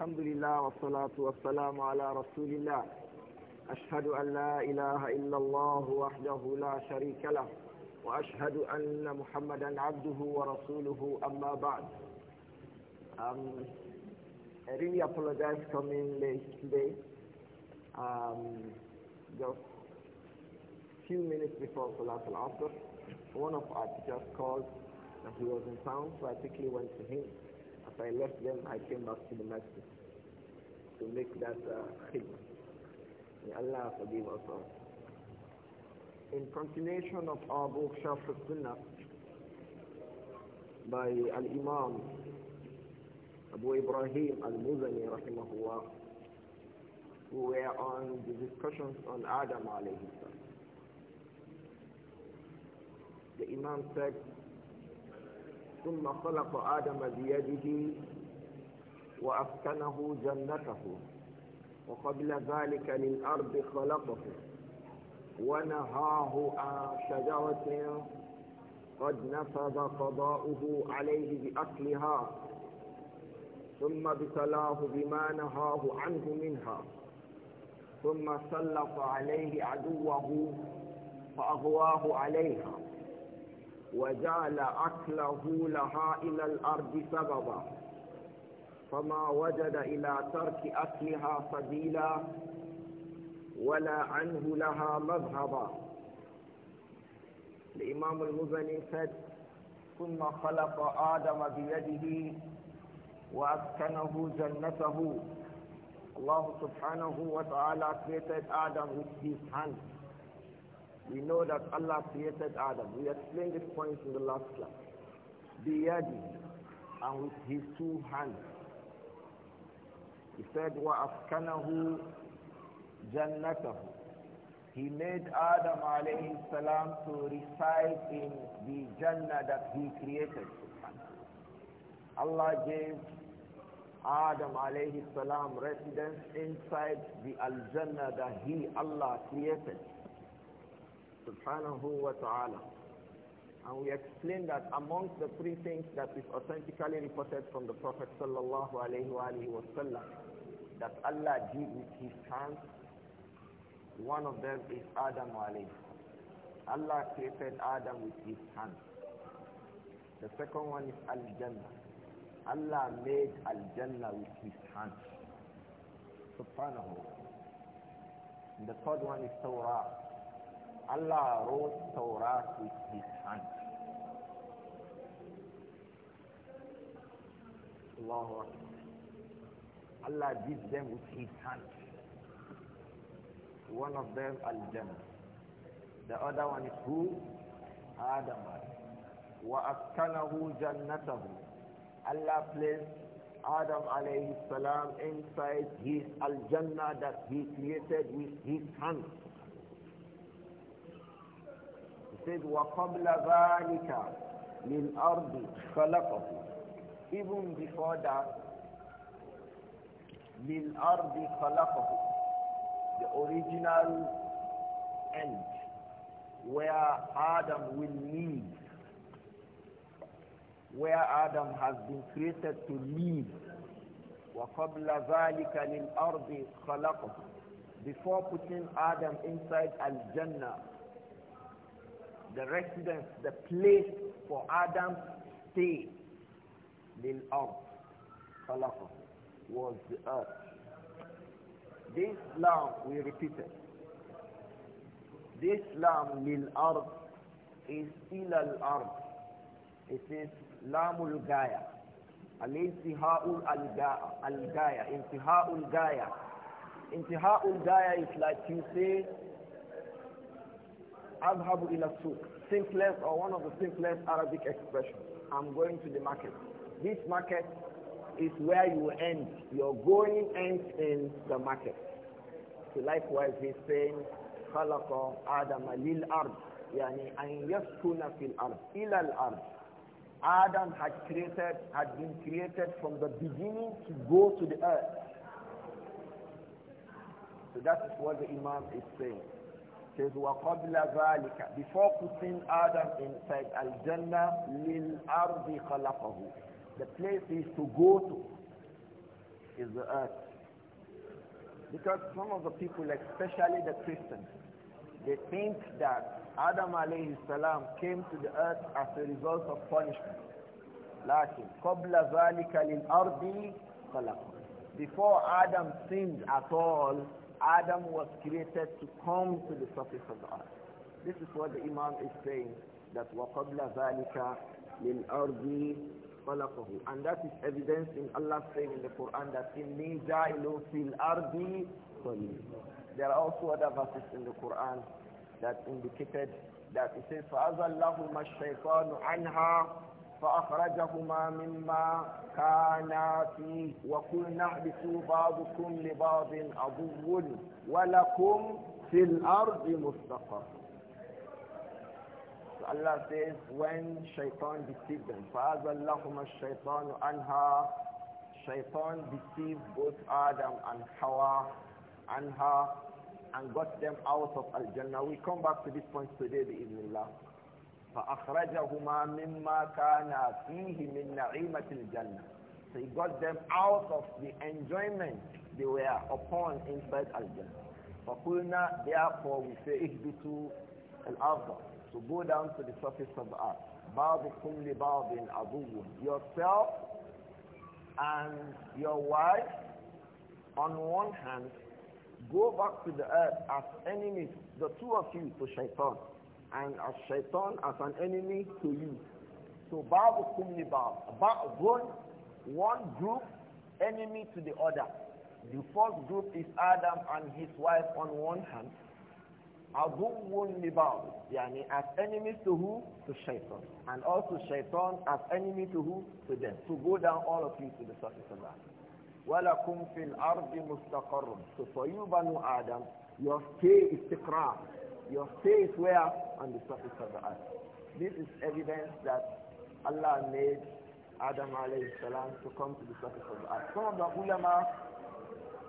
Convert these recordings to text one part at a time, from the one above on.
الحمد لله والصلاة والسلام على رسول الله أشهد أن لا إله إلا الله وحده لا شريك له وأشهد أن محمدا عبده ورسوله أما بعد um, I really apologize coming late today um, just few minutes before Salat al-Asr one of our teachers called that he was in town so I quickly went to him I left them, I came back to the masjid to make that uh, May Allah forgive us all. In continuation of our book, Sharf sunnah by Al-Imam Abu Ibrahim Al-Muzani, rahimahullah, we were on the discussions on Adam alayhi salam. The Imam said, ثم خلق آدم بيده وأسكنه جنته وقبل ذلك للأرض خلقه ونهاه عن شجرة قد نفذ قضاؤه عليه بأكلها ثم ابتلاه بما نهاه عنه منها ثم سلط عليه عدوه فأغواه عليها وجعل أكله لها إلى الأرض سببا فما وجد إلى ترك أكلها سبيلا ولا عنه لها مذهبا الإمام المزني said ثم خلق آدم بيده وأسكنه جنته الله سبحانه وتعالى created Adam with his hands We know that Allah created Adam. We explained this point in the last class. yadi, and with his two hands. He said, وَأَسْكَنَهُ jannatahu. He made Adam alayhi salam to reside in the Jannah that he created. Allah gave Adam alayhi salam residence inside the Al-Jannah that he, Allah, created subhanahu wa ta'ala. And we explain that amongst the three things that is authentically reported from the Prophet sallallahu alayhi wa sallam, that Allah did with his hands, one of them is Adam alayhi. Allah created Adam with his hands. The second one is Al-Jannah. Allah made Al-Jannah with his hands. Subhanahu. And the third one is Torah. Allah wrote Torah with his hand. Allahu Allah did them with his hand. One of them, Al-Jannah. The other one is who? Adam. جَنَّتَهُ Allah placed Adam alayhi salam inside his Al-Jannah that he created with his hands said, وَقَبْلَ ذَٰلِكَ لِلْأَرْضِ خَلَقَهُ Even before that, لِلْأَرْضِ خَلَقَهُ The original end where Adam will live, where Adam has been created to live. وَقَبْلَ ذَٰلِكَ لِلْأَرْضِ خَلَقَهُ Before putting Adam inside Al-Jannah, the residence, the place for Adam's stay, lil earth, was the earth. This lam, we repeat it. This lam lil earth is ilal ard. It is lamul gaya. Al-intihaul al-gaya. Intihaul gaya. Intihaul gaya is like you say, Adhabu ila souk, simplest or one of the simplest Arabic expressions. I'm going to the market. This market is where you end. Your going ends in the market. So likewise, he's saying, خلق آدم للأرض يعني أن يسكن في الأرض إلى الأرض Adam had created, had been created from the beginning to go to the earth. So that is what the Imam is saying says وَقَبْلَ ذَلِكَ Before putting Adam inside Al-Jannah لِلْأَرْضِ خَلَقَهُ The place is to go to is the earth. Because some of the people, especially the Christians, they think that Adam alayhi salam came to the earth as a result of punishment. لكن قبل ذلك للأرض خلقه Before Adam sinned at all, Adam was created to come to the surface of the earth. This is what the Imam is saying, that وَقَبْلَ ذَلِكَ لِلْأَرْضِ خَلَقَهُ And that is evidence in Allah saying in the Quran that إِنِّي جَعِلُ فِي الْأَرْضِ خَلِيلٌ There are also other verses in the Quran that indicated that it says فَأَذَلَّهُمَ الشَّيْطَانُ عَنْهَا فأخرجهما مما كانا فيه وقلنا اهبطوا بعضكم لبعض عدو ولكم في الأرض مستقر Allah says when shaitan deceived them فأزلهما الشَّيْطَانُ عَنْهَا Shaitan deceived both Adam and Hawa and her and got them out of Al-Jannah. We come back to this point today, بإذن الله. فأخرجهما مما كان فيه من نعيمة الجنة So he got them out of the enjoyment they were upon inside Al-Jannah. فَقُلْنَا Therefore we say, اِهْبِتُوا الْأَرْضَ To so go down to the surface of the earth. بَعْضُكُمْ لِبَعْضٍ عَدُوٌ Yourself and your wife on one hand go back to the earth as enemies, the two of you to shaitan and as shaitan as an enemy to you. So Babu Kumli one group enemy to the other. The first group is Adam and his wife on one hand. Abuwun Libab, yani as enemies to who? To Shaitan. And also Shaitan as enemy to who? To them. So go down all of you to the surface of that. وَلَكُمْ فِي الْأَرْضِ مُسْتَقَرٌ So for you, Banu Adam, your stay is istiqrar. Your faith were on the surface of the earth. This is evidence that Allah made Adam alayhi salam to come to the surface of the earth. Some of the ulama,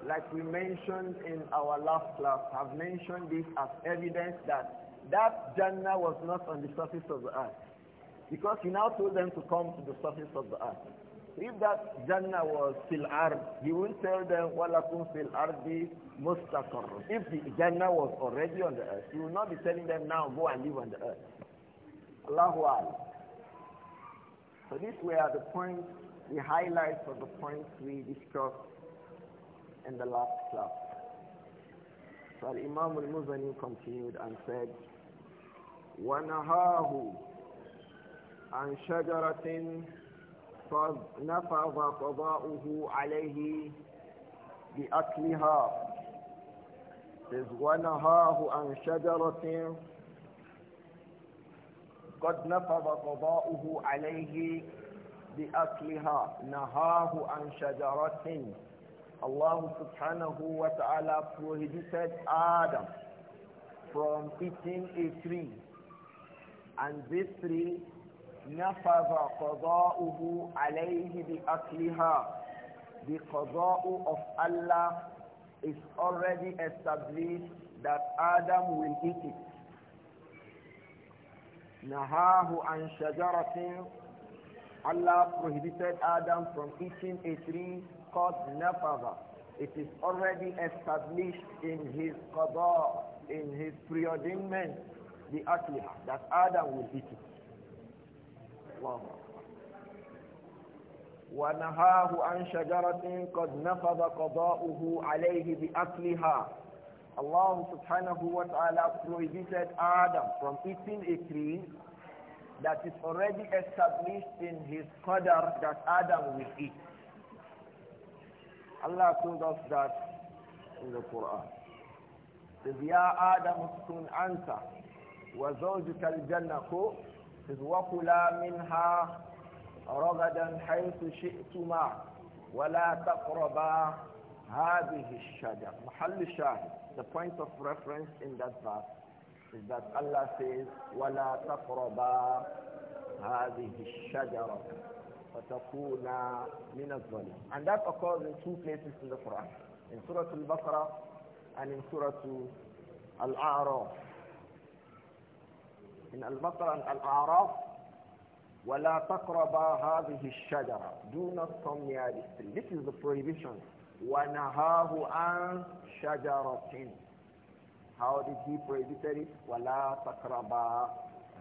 like we mentioned in our last class, have mentioned this as evidence that that Jannah was not on the surface of the earth. Because he now told them to come to the surface of the earth. If that Jannah was fil ard, he wouldn't tell them walakum fil ardi mustaqar. If the Jannah was already on the earth, he would not be telling them now go and live on the earth. Allahu Akbar. So these were the points, the highlights of the points we discussed in the last class. So Imam al-Muzani continued and said, وَنَهَاهُ عَنْ شَجَرَةٍ نفذ قضاؤه عليه بأكلها إذ ونهاه عن شجرة قد نفذ قضاؤه عليه بأكلها نهاه عن شجرة Allah سبحانه wa ta'ala prohibited Adam from eating a tree and this tree نفذ قضاؤه عليه بأكلها the qada'u of Allah is already established that Adam will eat it. Nahahu an shajaratin Allah prohibited Adam from eating a tree called nafada. It is already established in his qada, in his preordainment, the akliha, that Adam will eat it. الله ونهاه عن شجرة قد نفذ قضاؤه عليه بأكلها Allah سبحانه وتعالى prohibited Adam from eating a tree that is already established in his qadar that Adam will eat. Allah told us that in the Quran. The Ya Adam uskun anta wa zawjuka jannah إذ وكلا منها رغدا حيث شئتما ولا تقربا هذه الشجرة محل الشاهد the point of reference in that verse is that Allah says ولا تقربا هذه الشجرة فتكونا من الظلم and that occurs in two places in the Quran in Surah Al-Baqarah and in Surah Al-A'raf in Al-Baqarah and Al-A'raf, وَلَا تَقْرَبَا هَذِهِ الشَّجَرَةِ Do not come near this tree. This is the prohibition. وَنَهَاهُ عَنْ شَجَرَةٍ How did he prohibit it? وَلَا تَقْرَبَا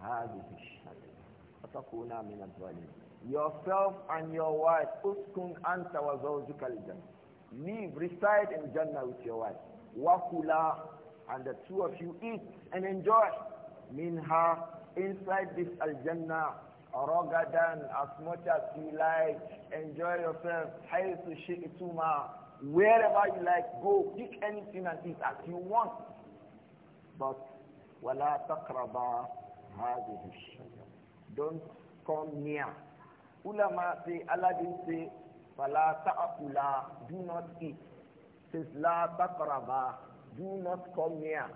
هَذِهِ الشَّجَرَةِ فَتَكُونَا مِنَ الظَّالِمِينَ Yourself and your wife, uskun anta wa zawjuka al-jannah. Live, reside in Jannah with your wife. وَكُلَا And the two of you eat and enjoy minha inside this al-jannah ragadan as much as you like enjoy yourself haythu shi'tuma wherever you like go pick anything and eat as you want but wala taqraba hadhihi don't come near ulama say allah didn't say fala ta'kula do not eat says la taqraba do not come near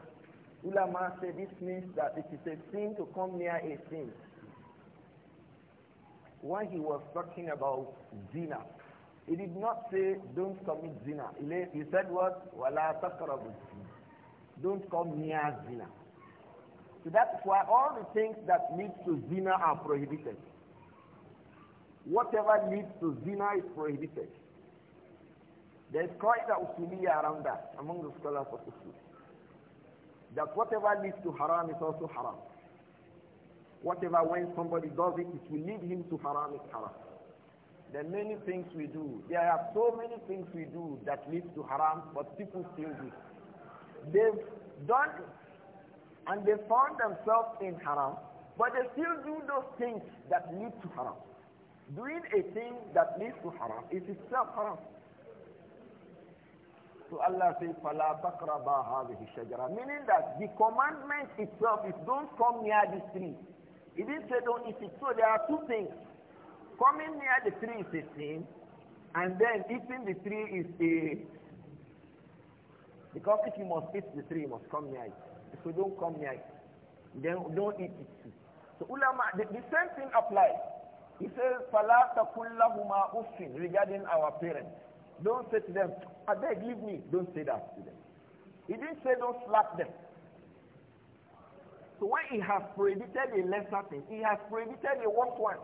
Ulama say this means that it is a sin to come near a sin. When he was talking about zina, he did not say don't commit zina. He said what? Wala zina. Don't come near zina. So that's why all the things that lead to zina are prohibited. Whatever leads to zina is prohibited. There's quite a usuliya around that among the scholars of Usul that whatever leads to haram is also haram. Whatever when somebody does it, it will lead him to haram is haram. There are many things we do. There are so many things we do that leads to haram, but people still do. They've done it, and they found themselves in haram, but they still do those things that lead to haram. Doing a thing that leads to haram is itself haram. Allah Meaning that the commandment itself is don't come near this tree. He didn't say don't eat it. So there are two things. Coming near the tree is a sin, and then eating the tree is a... Because if you must eat the tree, you must come near it. If you don't come near it, then don't eat it too. So ulama, the, the same thing applies. He says, فَلَا تَقُلْ لَهُمَا أُفٍ regarding our parents. Don't say to them, I ah, beg, leave me. Don't say that to them. He didn't say don't slap them. So when he has prohibited a lesser thing, he has prohibited a worse one.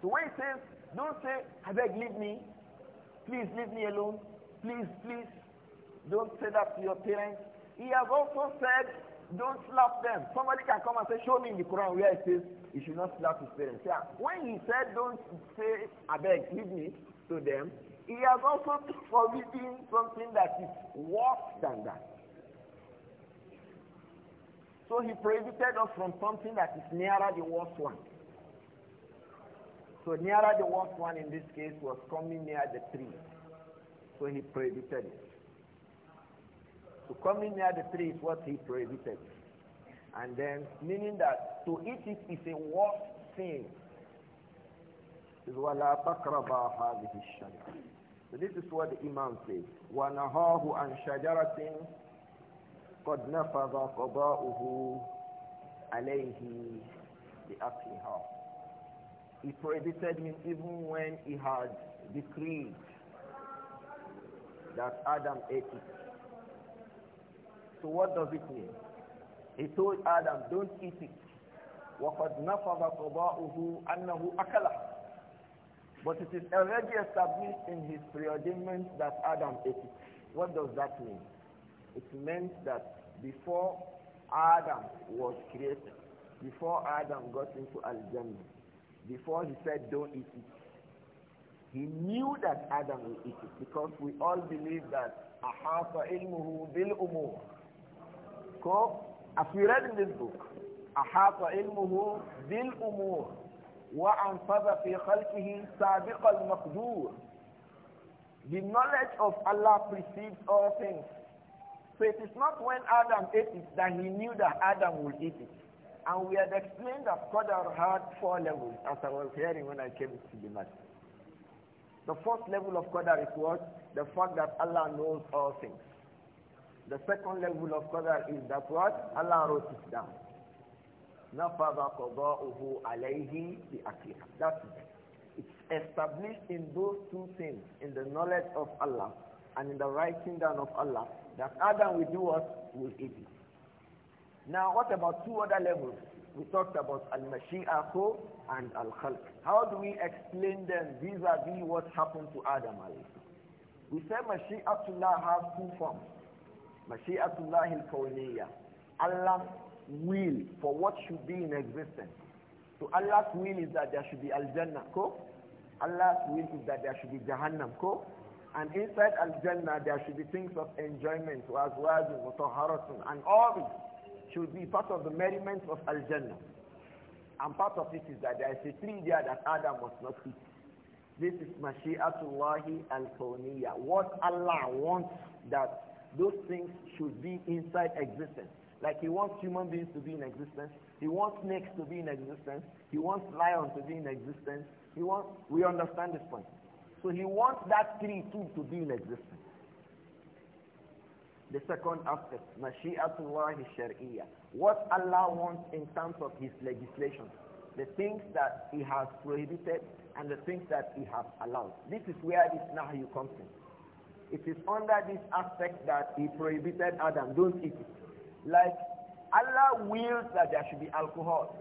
So when he says, don't say, I beg, leave me. Please leave me alone. Please, please. Don't say that to your parents. He has also said, don't slap them. Somebody can come and say, show me in the Quran where it says you should not slap his parents. Yeah. When he said, don't say, I beg, leave me to them, he has also forbidden something that is worse than that. So he prohibited us from something that is nearer the worst one. So nearer the worst one in this case was coming near the tree. So he prohibited it. So coming near the tree is what he prohibited. And then meaning that to eat it is a worse sin. Is so this is what the Imam says. وَنَهَاهُ عَنْ شَجَرَةٍ قَدْ نَفَضَ قَضَاؤُهُ عَلَيْهِ بِأَقْلِهَا He prohibited him even when he had decreed that Adam ate it. So what does it mean? He told Adam, don't eat it. وَقَدْ نَفَضَ قَضَاؤُهُ أَنَّهُ أَكَلَهُ but it is already established in his preordainment that Adam ate it. What does that mean? It meant that before Adam was created, before Adam got into Al-Jannah, before he said, don't eat it, he knew that Adam will eat it because we all believe that ahata ilmuhu bil umur. So, as we read in this book, ahata ilmuhu bil umur. وَأَنْفَذَ فِي خَلْقِهِ سَابِقَ الْمَقْدُورِ The knowledge of Allah precedes all things. So it is not when Adam ate it that he knew that Adam would eat it. And we had explained that Qadar had four levels as I was hearing when I came to the masjid. The first level of Qadar is what? The fact that Allah knows all things. The second level of Qadar is that what? Allah wrote it down nafadha qada'uhu alayhi bi akliha. That's it. It's established in those two things, in the knowledge of Allah and in the writing down of Allah, that Adam will do what? Will eat it. Now, what about two other levels? We talked about al-mashi'ahu and al-khalq. How do we explain them vis-a-vis -vis what happened to Adam alayhi? We say mashi'atullah has two forms. Mashi'atullah al-kawniyah. Allah will for what should be in existence. So Allah's will is that there should be Al-Jannah, ko? Allah's will is that there should be Jahannam, ko? And inside Al-Jannah, there should be things of enjoyment, wazwazun, mutaharatun, and all this should be part of the merriment of Al-Jannah. And part of it is that there is a tree there that Adam was not eat. This is Mashi'atullahi al-Kawniyya. What Allah wants that those things should be inside existence. Like he wants human beings to be in existence. He wants snakes to be in existence. He wants lions to be in existence. He wants, we understand this point. So he wants that tree too to be in existence. The second aspect, Mashi'atullah Shari'ah. What Allah wants in terms of His legislation. The things that He has prohibited and the things that He has allowed. This is where this Nahyu comes in. It is under this aspect that He prohibited Adam, don't eat it. Like Allah wills that there should be alcohol,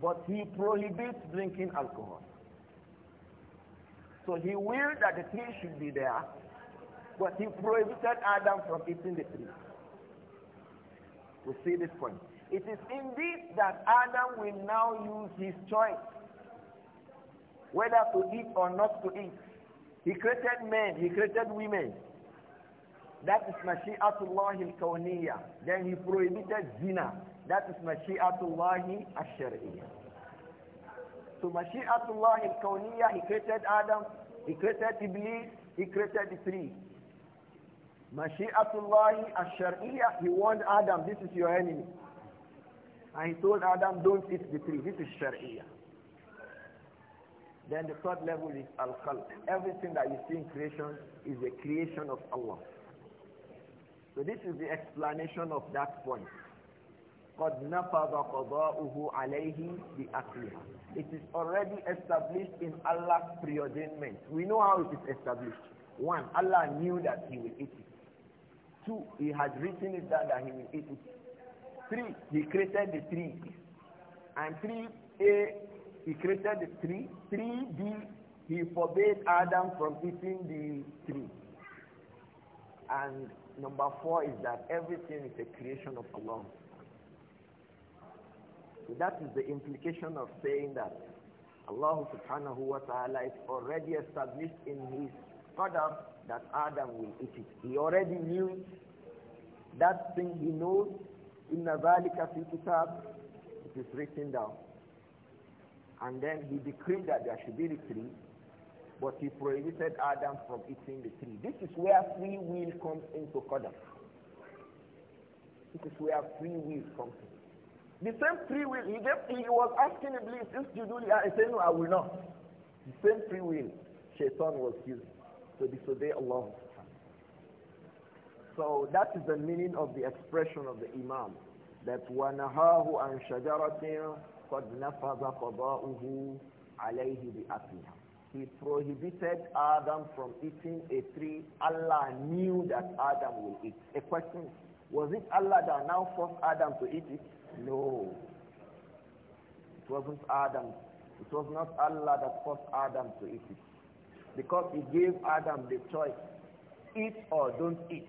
but He prohibits drinking alcohol. So He willed that the tree should be there, but He prohibited Adam from eating the tree. We see this point. It is indeed that Adam will now use his choice whether to eat or not to eat. He created men, he created women. That is mashi'atullah al-kawniyya. Then he prohibited zina. That is mashi'atullah al-shar'iyya. So mashi'atullah al-kawniyya, he created Adam, he created Iblis, he created the tree. Mashi'atullah al-shar'iyya, he warned Adam, this is your enemy. And he told Adam, don't eat the tree. This is Sharia. Then the third level is Al-Khalq. Everything that you see in creation is a creation of Allah. So this is the explanation of that point. قَدْ نَفَضَ قَضَاؤُهُ عَلَيْهِ بِأَقْلِهَا It is already established in Allah's preordainment. We know how it is established. One, Allah knew that he will eat it. Two, he had written it down that he will eat it. Three, he created the tree. And three, A, he created the tree. Three, B, he forbade Adam from eating the tree. And Number four is that everything is a creation of Allah. So that is the implication of saying that Allah subhanahu wa ta'ala is already established in his qadar that Adam will eat it. He already knew that thing he knows. In ذَلِكَ of kitab It is written down. And then he decreed that there should be a tree but he prohibited Adam from eating the tree. This is where free will comes into Qadr. This is where free will comes in. The same free will, he, gave, he was asking Iblis, if you do I said, no, I will not. The same free will Shaitan was using to disobey Allah. So that is the meaning of the expression of the Imam, that وَنَهَاهُ عَنْ شَجَرَةٍ قَدْ نَفَذَ قَضَاؤُهُ عَلَيْهِ بِأَكْلِهَا he prohibited Adam from eating a tree Allah knew that Adam will eat. A question was it Allah that now forced Adam to eat it? No. It wasn't Adam. It was not Allah that forced Adam to eat it. Because he gave Adam the choice, eat or don't eat.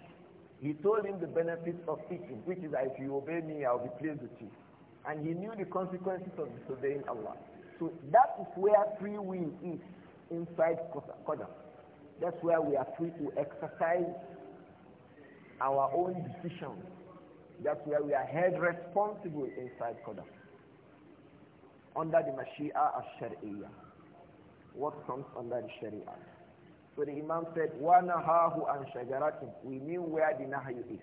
He told him the benefits of eating, which is that if you obey me, I'll be pleased with you. And he knew the consequences of disobeying Allah. So that is where free will is inside Qadam. That's where we are free to exercise our own decisions. That's where we are held responsible inside Qadam. Under the Mashia al What comes under the Sharia? So the Imam said, وَنَهَاهُ عَنْ شَجَرَةٍ We knew where the Nahayu is.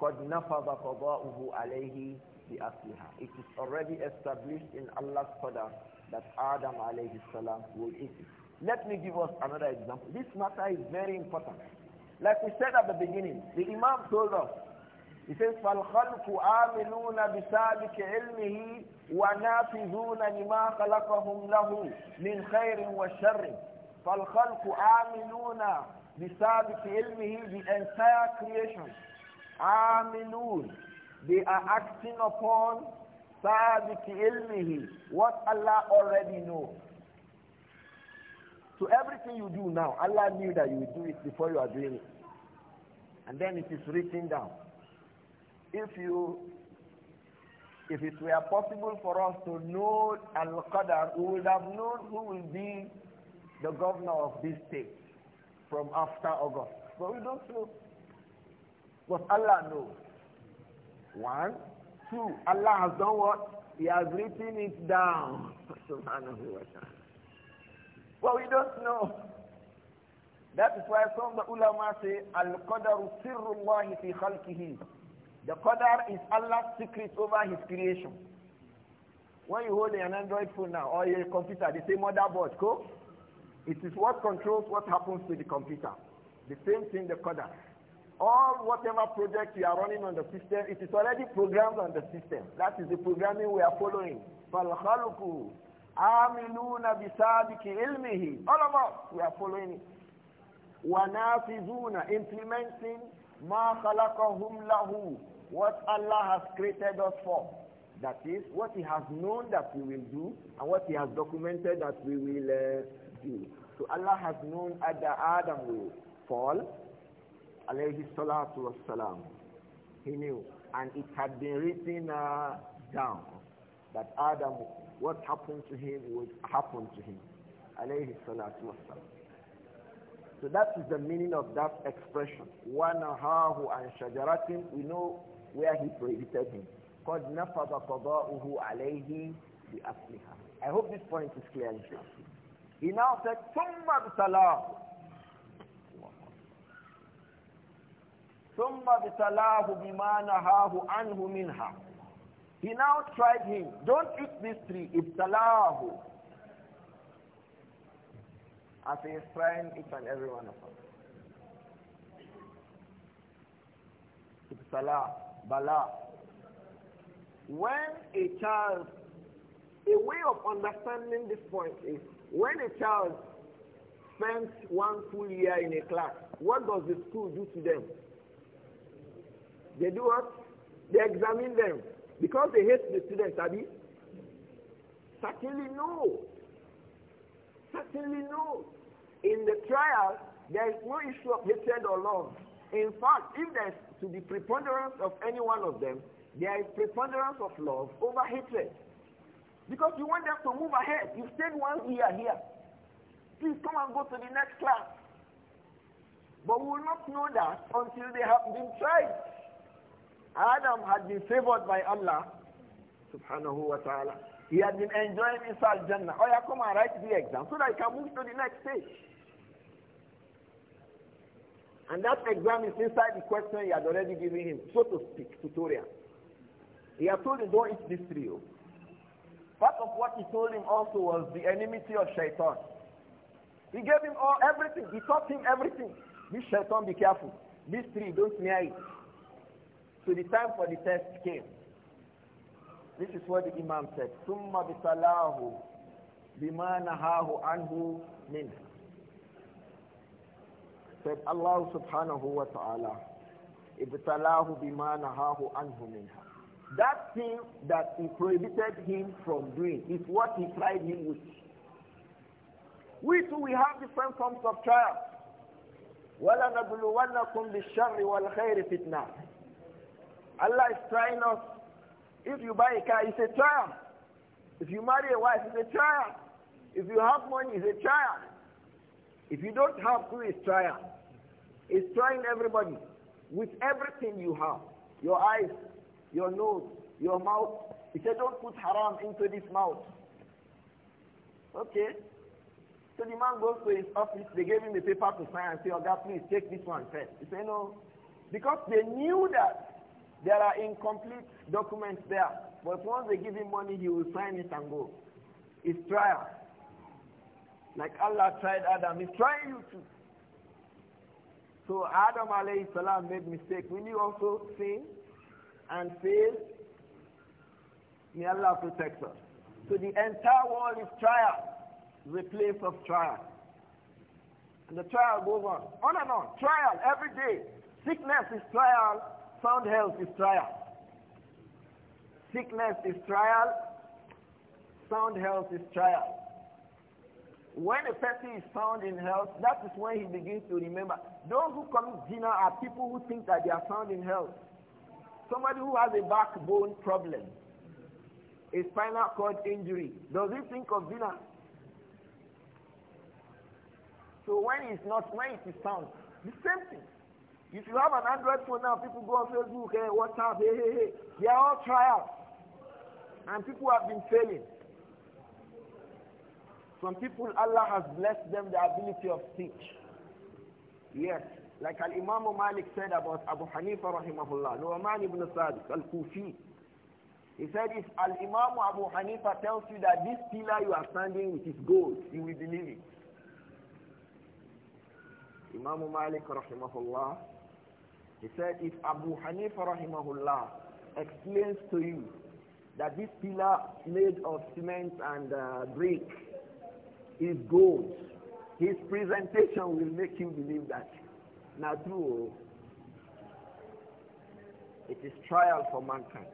قَدْ نَفَضَ قَضَاؤُهُ عَلَيْهِ بِأَصْلِهَا It is already established in Allah's qadar that Adam alayhi salam would eat it. Let me give us another example. This matter is very important. Like we said at the beginning, the Imam told us, he says, فَالْخَلْقُ آمِنُونَ بِسَابِكِ عِلْمِهِ وَنَافِذُونَ لِمَا خَلَقَهُمْ لَهُ مِنْ خَيْرٍ وَشَرٍ فَالْخَلْقُ آمِنُونَ بِسَابِكِ عِلْمِهِ The entire creation. آمِنُونَ They are acting upon sabiki ilmihi, what Allah already knows. So everything you do now, Allah knew that you would do it before you are doing it. And then it is written down. If you, if it were possible for us to know Al-Qadr, we would have known who will be the governor of this state from after August. But we don't know. But Allah knows. One, Two, Allah has done what? He has written it down. Subhanahu wa ta'ala. But we don't know. That is why some of the ulama say, al qadar sirrullahi fi khalqihi. The Qadar is Allah's secret over his creation. When you hold an Android phone now or a computer, the same motherboard, go. It is what controls what happens to the computer. The same thing, the Qadar. All whatever project you are running on the system, it is already programmed on the system. That is the programming we are following. فَالْخَلْقُ عَامِلُونَ بِسَابِكِ إِلْمِهِ All of us, we are following it. وَنَافِذُونَ Implementing مَا خَلَقَهُمْ لَهُ What Allah has created us for. That is, what He has known that we will do and what He has documented that we will uh, do. So Allah has known that Adam will fall alayhi salatu salam. He knew. And it had been written uh, down that Adam, what happened to him would happen to him. Alayhi salatu So that is the meaning of that expression. وَنَهَاهُ عَنْ شَجَرَةٍ We know where he prohibited him. قَدْ نَفَضَ قَضَاؤُهُ عَلَيْهِ بِأَصْلِهَا I hope this point is clear, inshallah. He now said, ثُمَّ ابْتَلَاهُ he now tried him don't eat this tree salah. as he is trying each and every one of us salah, bala when a child a way of understanding this point is when a child spends one full year in a class what does the school do to them they do what? They examine them. Because they hate the students, Abi? Certainly no. Certainly no. In the trial, there is no issue of hatred or love. In fact, if there is to the preponderance of any one of them, there is preponderance of love over hatred. Because you want them to move ahead. You stayed one year here. Please come and go to the next class. But we will not know that until they have been tried. Adam had been favored by Allah subhanahu wa ta'ala. He had been enjoying inside Jannah. Oh yeah, come and write the exam so that I can move to the next stage. And that exam is inside the question he had already given him, so to speak, tutorial. He had told him, don't eat this tree. Oh. Part of what he told him also was the enmity of shaitan. He gave him all everything. He taught him everything. This shaitan, be careful. This tree, don't near it. So the time for the test came. This is what the Imam said. "Summa بِصَلَاهُ بِمَا نَهَاهُ anhu مِنْهُ Said Allah subhanahu wa ta'ala, ibtalahu bima nahahu anhu minha. That thing that he prohibited him from doing is what he tried him with. We too, we have different forms of trials. وَلَنَبْلُوَنَّكُمْ بِالشَّرِّ وَالْخَيْرِ فِتْنَةً Allah is trying us. If you buy a car, it's a trial. If you marry a wife, it's a trial. If you have money, it's a trial. If you don't have to, it's trial. It's trying everybody with everything you have. Your eyes, your nose, your mouth. He said, don't put haram into this mouth. Okay. So the man goes to his office. They gave him the paper to sign and say, oh, God, please take this one first. He said, no. Because they knew that there are incomplete documents there. But once they give him money, he will sign it and go. It's trial. Like Allah tried Adam, he's trying you too. So Adam salam made mistake. Will you also sin and fail? May Allah protect us. So the entire world is trial, the place of trial. And the trial goes on, on and on. Trial every day. Sickness is trial. Sound health is trial. Sickness is trial. Sound health is trial. When a person is found in health, that is when he begins to remember. Those who commit dinner are people who think that they are found in health. Somebody who has a backbone problem, a spinal cord injury, does he think of dinner? So when he's not, when it is found, the same thing. If you have an Android phone now, people go on Facebook, hey, eh, WhatsApp, hey, eh, eh, hey, hey. They are all trials. And people have been failing. Some people, Allah has blessed them the ability of speech. Yes, like Al Imam Malik said about Abu Hanifa rahimahullah, Nu'man ibn Sadiq al-Kufi. He said, if Al Imam Abu Hanifa tells you that this pillar you are standing with is gold, you will believe it. Imam Malik rahimahullah he said, if Abu Hanifa rahimahullah explains to you that this pillar made of cement and uh, brick is gold, his presentation will make you believe that. Now true, oh. it is trial for mankind.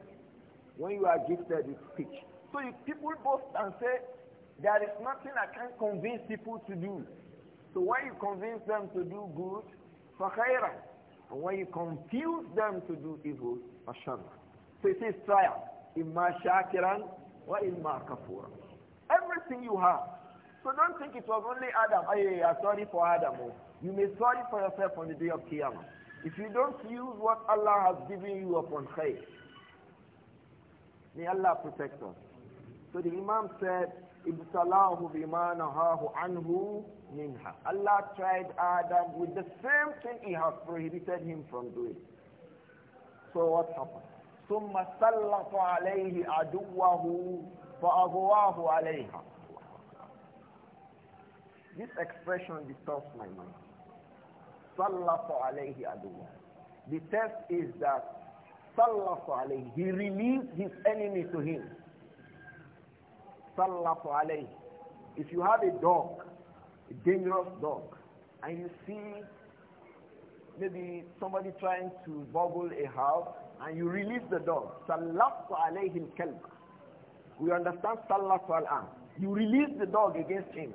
When you are gifted with speech, so if people boast and say, there is nothing I can convince people to do. So when you convince them to do good, for and when you confuse them to do evil, mashallah. So it says trial. Imma shakiran wa imma kafura. Everything you have. So don't think it was only Adam. Hey, I'm sorry for Adam. Oh. You may sorry for yourself on the day of Qiyamah. If you don't use what Allah has given you upon khayr. May Allah protect us. So the Imam said, ibtalahu bima nahahu anhu minha. Allah tried Adam with the same thing he had prohibited him from doing. So what happened? ثم سلط عليه عدوه فأغواه عليها. This expression disturbs my mind. سلط عليه عدوه. The test is that سلط عليه. He released his enemy to him. Sallallahu alayhi. If you have a dog, a dangerous dog, and you see maybe somebody trying to bubble a house, and you release the dog, Sallallahu alayhi al-kalb. We understand Sallallahu al You release the dog against him.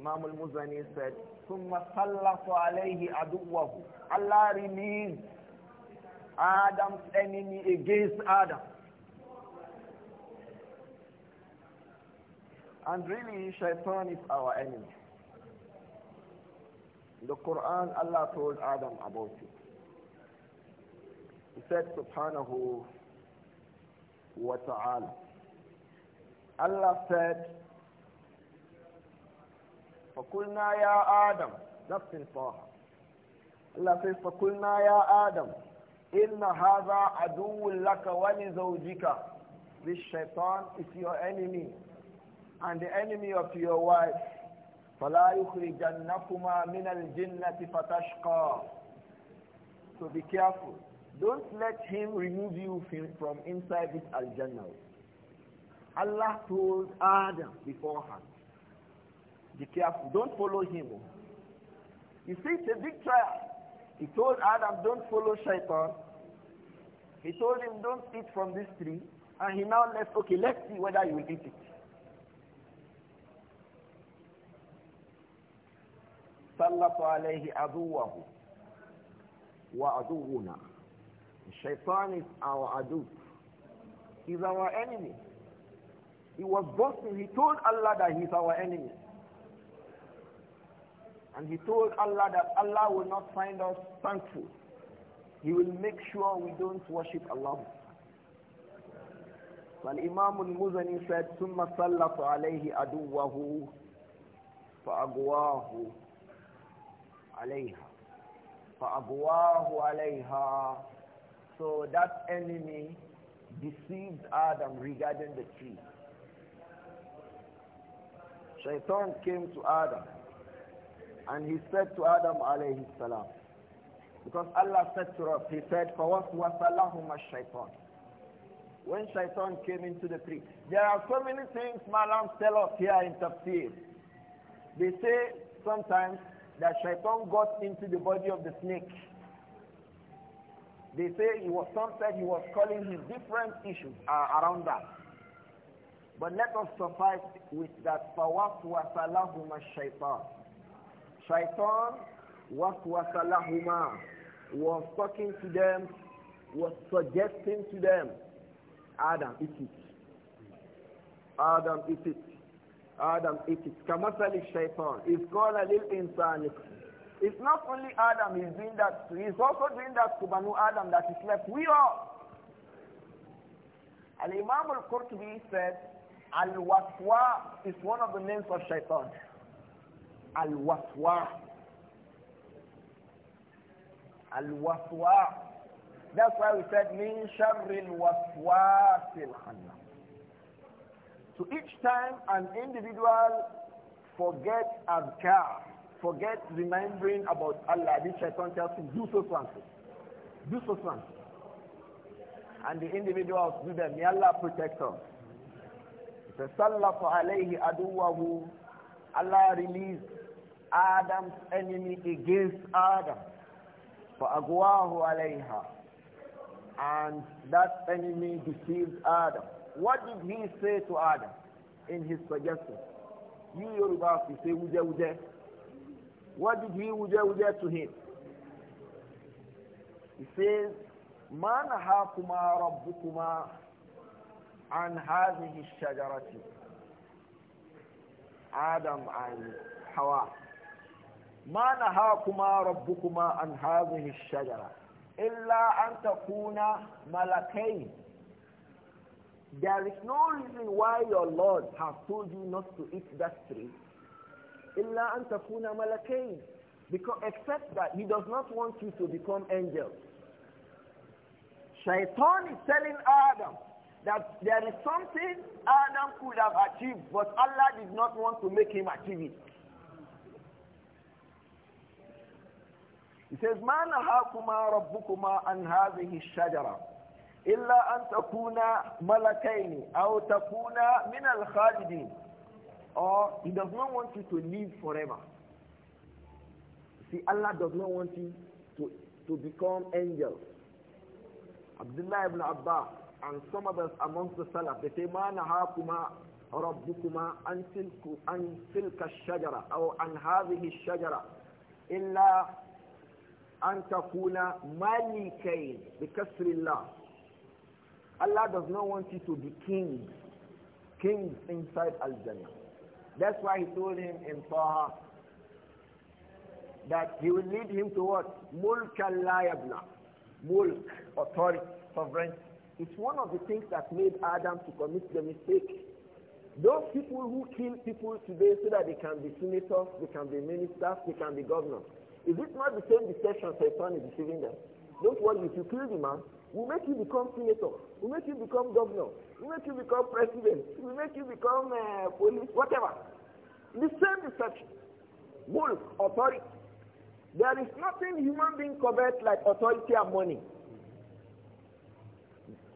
Imam al-Muzani said, ثم سلط عليه عدوه. Adam's enemy against Adam. And really, shaitan is our enemy. In the Quran, Allah told Adam about it. He said, Subhanahu wa ta'ala. Allah said, فَقُلْنَا يَا آدَمْ That's in Taha. Allah says, فَقُلْنَا يَا آدَمْ إِنَّ هَذَا wa لَكَ وَلِزَوْجِكَ This shaitan is your enemy and the enemy of your wife. فَلَا يُخْرِجَنَّكُمَا مِنَ الْجِنَّةِ fatashqa. So be careful. Don't let him remove you from inside this al-jannah. Allah told Adam beforehand, be careful, don't follow him. You see, it's a big trial. He told Adam, don't follow shaitan. He told him, don't eat from this tree. And he now left, okay, let's see whether you will eat it. سلط عليه عدوه وعدونا Shaitan is our adu. He's our enemy. He was boasting. He told Allah that he's our enemy. And he told Allah that Allah will not find us thankful. He will make sure we don't worship Allah. فالإمام المزني said ثم سلط عليه عدوه فأغواه عليها فأغواه عليها So that enemy deceived Adam regarding the tree. Shaitan came to Adam and he said to Adam alayhi salam, because Allah said to us, He said, "For فَوَسْوَسَ لَهُمَ shaitan." When shaitan came into the tree. There are so many things Malams tell us here in Tafsir. They say sometimes that shaitan got into the body of the snake. They say he was, some said he was calling his different issues uh, around that. But let us suffice with that فَوَسْوَسَ لَهُمَ الشَّيْطَانِ Shaitan waswasalahuma was talking to them, was suggesting to them, Adam, eat it. Adam, eat it. Adam, eat it. Kamasali shaitan. It's called a little insanity. It's not only Adam he's doing that He's also doing that to Banu Adam that is left. We are. And Imam al-Qurtubi said, Al-Waswa is one of the names of shaitan. Al-Waswa. Al-waswa. That's why we said, min sharril waswasil khannas. So each time an individual forgets adhkar, forgets remembering about Allah, this shaitan tells him, do so once, do so once. And the individuals do them, may Allah protect us. فَسَلَّطَ عَلَيْهِ أَدُوَّهُ Allah released Adam's enemy against Adam. فَأَغْوَاهُ عَلَيْهَا And that enemy deceived Adam. What did he say to Adam in his suggestion? You Yoruba, you say wuje wuje. What did he wuje wuje to him? He says, Man مَا نَهَاكُمَا and has his shajarati. Adam and Hawa. There is no reason why your Lord has told you not to eat that tree. إلا أن تكونا ملكين Because except that he does not want you to become angels. Shaitan is telling Adam that there is something Adam could have achieved, but Allah did not want to make him achieve it. He says, "Ma nahakuma rabbukuma an hadhihi ash-shajara illa an takuna malakaini aw takuna min al-khalidin." Or he does not want you to live forever. See, Allah does not want you to, to become angels. Abdullah ibn Abbas and some others amongst the Salaf, they say, "Man nahakuma rabbukuma an tilku an tilka ash-shajara aw an hadhihi ash-shajara illa أن تكون ملكين بكسر الله Allah does not want you to be king kings inside Al-Jannah that's why he told him in Taha that he will lead him to what? Mulk al-layabna. Mulk, authority, sovereignty. It's one of the things that made Adam to commit the mistake. Those people who kill people today so that they can be senators, they can be ministers, they can be governors, is it not the same deception Satan is deceiving them? Don't worry, if you kill the man, we'll make you become senator, we'll make you become governor, we'll make you become president, we'll make you become uh, police, whatever. The same deception. Wolf, authority. There is nothing human being covets like authority and money.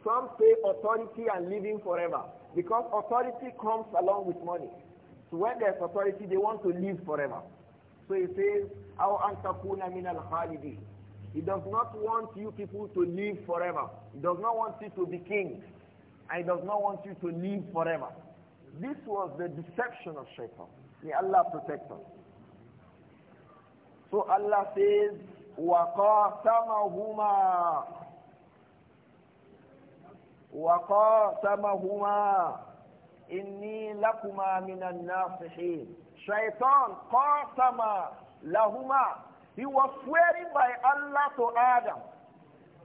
Some say authority and living forever because authority comes along with money. So when there's authority, they want to live forever. So he says, أَوْ أَن min al الْخَالِدِينَ He does not want you people to live forever. He does not want you to be king. And he does not want you to live forever. This was the deception of Shaitan. May Allah protect us. So Allah says, وَقَاسَمَهُمَا وَقَاسَمَهُمَا إِنِّي لَكُمَا مِنَ النَّاصِحِينَ Shaitan, Qasama, Lahuma. He was swearing by Allah to Adam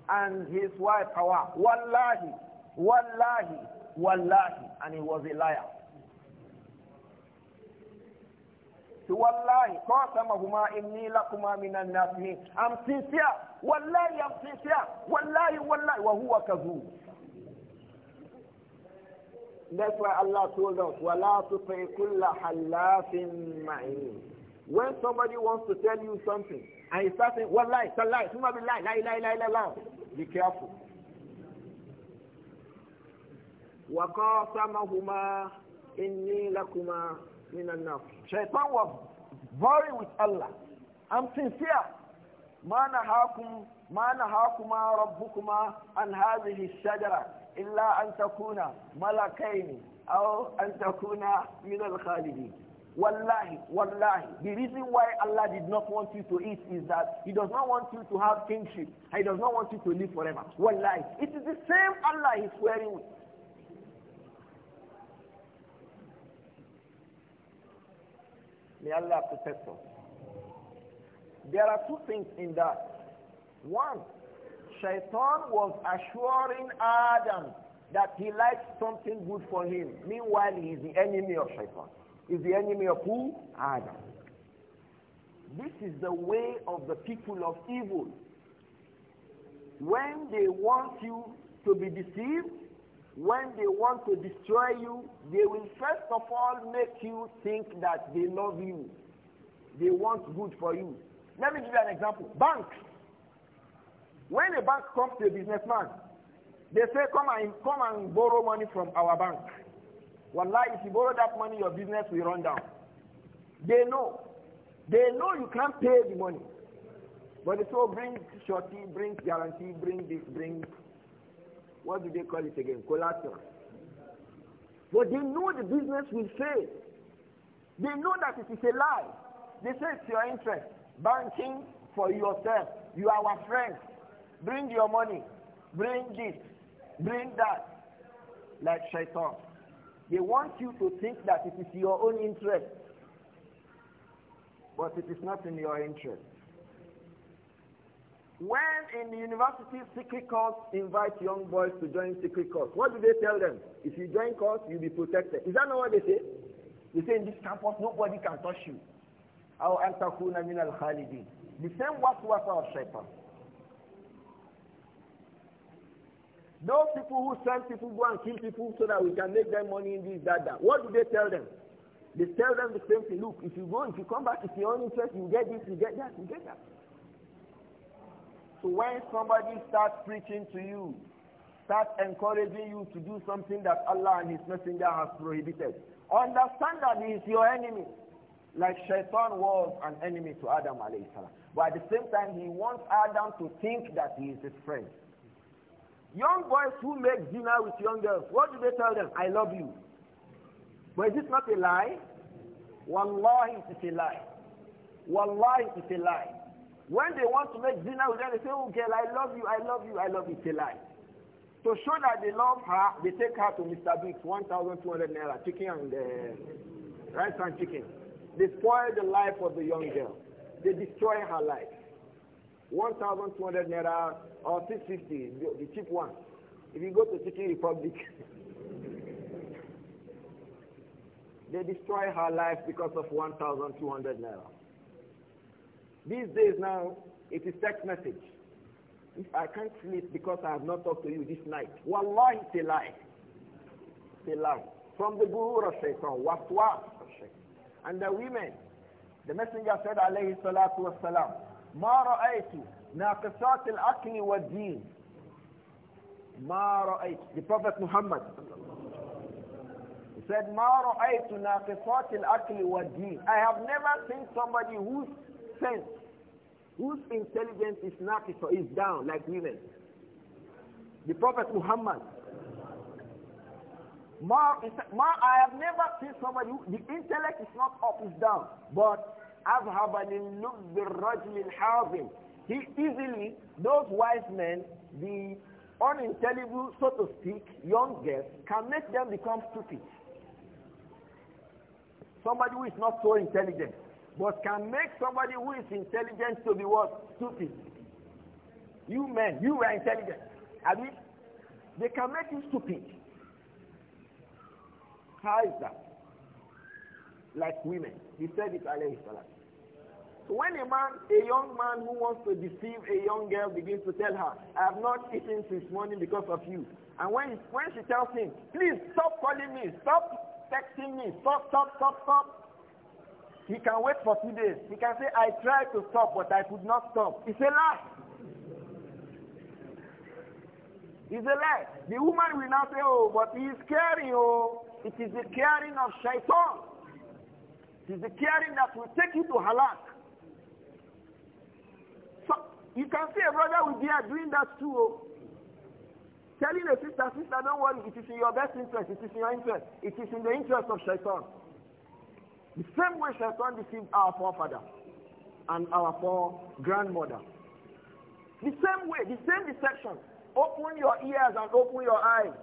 and his wife Hawa. Wallahi, Wallahi, Wallahi. And he was a liar. So Wallahi, huma inni lakuma minan nasmi. I'm sincere. Wallahi, I'm sincere. Wallahi, Wallahi. Wa huwa kazoo. That's why Allah told us, وَلَا تُطِعْ كُلَّ حَلَّافٍ مَعِينٍ When somebody wants to tell you something, and he starts saying, lie, وَاللَّهِ تَاللَّهِ lie, lie, lie, lie, lie, lie. Be careful. وَقَاسَمَهُمَا إِنِّي لَكُمَا مِنَ النَّاصِرِينَ Shaitan was very with Allah. I'm sincere. مَا نَهَاكُمْ مَا نَهَاكُمَا رَبُّكُمَا عَنْ هَذِهِ الشَّجَرَةِ إلا أن تكون ملكين أو أن تكون من الخالدين Wallahi, wallahi. The reason why Allah did not want you to eat is that He does not want you to have kingship. He does not want you to live forever. Wallahi. It is the same Allah He's swearing with. May Allah protect us. There are two things in that. One, shaitan was assuring Adam that he likes something good for him. Meanwhile, he is the enemy of shaitan. He is the enemy of who? Adam. This is the way of the people of evil. When they want you to be deceived, when they want to destroy you, they will first of all make you think that they love you. They want good for you. Let me give you an example. Banks. When a bank comes to a businessman, they say, come and, come and borrow money from our bank. Wallahi, if you borrow that money, your business will run down. They know. They know you can't pay the money. But they say, oh, bring shorty, bring guarantee, bring this, bring, what do they call it again? Collateral. But they know the business will fail. They know that it is a lie. They say it's your interest. Banking for yourself. You are our friend. Bring your money. Bring this. Bring that. Like shaitan. They want you to think that it is your own interest. But it is not in your interest. When in the university secret course invite young boys to join secret course, what do they tell them? If you join course, you'll be protected. Is that not what they say? They say in this campus nobody can touch you. The same waswasa our shaitan. Those people who send people go and kill people so that we can make them money in this, that, that. What do they tell them? They tell them the same thing. Look, if you go, if you come back, if you're uninterested, you get this, you get that, you get that. So when somebody starts preaching to you, starts encouraging you to do something that Allah and His Messenger has prohibited, understand that He is your enemy. Like Shaitan was an enemy to Adam alayhi salam. But at the same time, he wants Adam to think that he is his friend. Young boys who make dinner with young girls, what do they tell them? I love you. But is this not a lie? Wallahi, it is a lie. Wallahi, it is a lie. When they want to make dinner with them, they say, oh girl, I love you, I love you, I love you, it's a lie. To so show that they love her, they take her to Mr. Biggs, 1,200 naira, chicken and uh, rice and chicken. They spoil the life of the young girl. They destroy her life. 1,200 naira or 650, the, cheap one. If you go to Chicken Republic, they destroy her life because of 1,200 naira. These days now, it is text message. If I can't sleep because I have not talked to you this night, wallahi, it's a lie. It's a lie. From the guru of shaitan, waswas of And the women, the messenger said, alayhi salatu wasalam, ما رأيت ناقصات wa والدين ما رأيت the Prophet Muhammad he said ما رأيت ناقصات wa والدين I have never seen somebody whose sense whose intelligence is naqis is down like women the Prophet Muhammad Ma, I have never seen somebody who, the intellect is not up, is down. But أذهب للب الرجل الحاظم He easily, those wise men, the unintelligible, so to speak, young girls, can make them become stupid. Somebody who is not so intelligent, but can make somebody who is intelligent to be what? Stupid. You men, you are intelligent. I mean, they can make you stupid. How is that? Like women. He said it alayhi salam. So when a man, a young man who wants to deceive a young girl begins to tell her, I have not eaten since morning because of you. And when, when she tells him, please stop calling me, stop texting me, stop, stop, stop, stop. He can wait for two days. He can say, I tried to stop, but I could not stop. It's a lie. It's a lie. The woman will now say, oh, but he is caring, oh. It is the caring of shaitan. It is the caring that will take you to halak. You can see a brother with beard doing that too. Oh. Telling a sister, sister, don't worry, it is in your best interest, it is in your interest, it is in the interest of shaitan. The same way shaitan deceived our forefather and our fore grandmother. The same way, the same deception. Open your ears and open your eyes.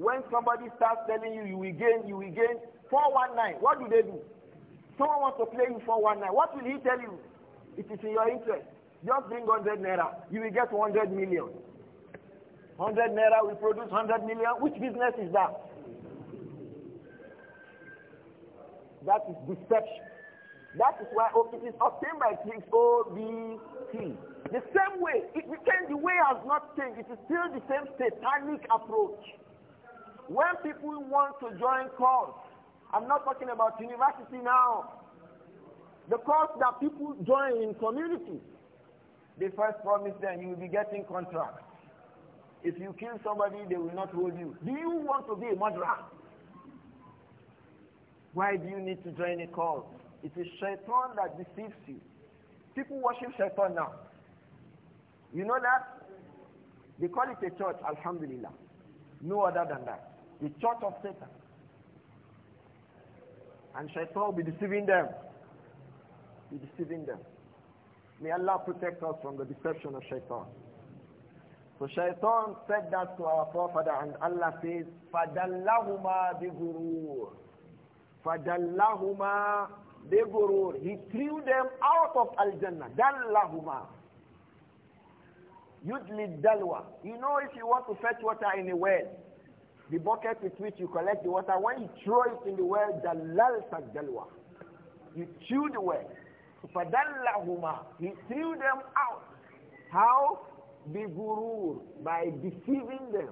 When somebody starts telling you, you will gain, you will gain, 419, what do they do? Someone wants to play you 419, what will he tell you? It is in your interest. Just bring 100 naira. You will get 100 million. 100 naira will produce 100 million. Which business is that? That is deception. That is why oh, it is obtained by things OBT. The same way, it became the way has not changed. It is still the same satanic approach. When people want to join cults, I'm not talking about university now. The cause that people join in community, They first promise them you will be getting contracts. If you kill somebody, they will not hold you. Do you want to be a murderer? Why do you need to join a cult? It is shaitan that deceives you. People worship shaitan now. You know that? They call it a church, alhamdulillah. No other than that. The church of Satan. And shaitan will be deceiving them be deceiving them. May Allah protect us from the deception of shaitan. So shaitan said that to our Prophet and Allah says, فَدَلَّهُمَا بِغُرُورٍ فَدَلَّهُمَا بِغُرُورٍ He threw them out of Al-Jannah. دَلَّهُمَا Yudli dalwa. You know if you want to fetch water in a well, the bucket with which you collect the water, when you throw it in the well, dalalta dalwa. You chew the well. فَدَلَّهُمَا He threw them out. How? Bigurur, by deceiving them.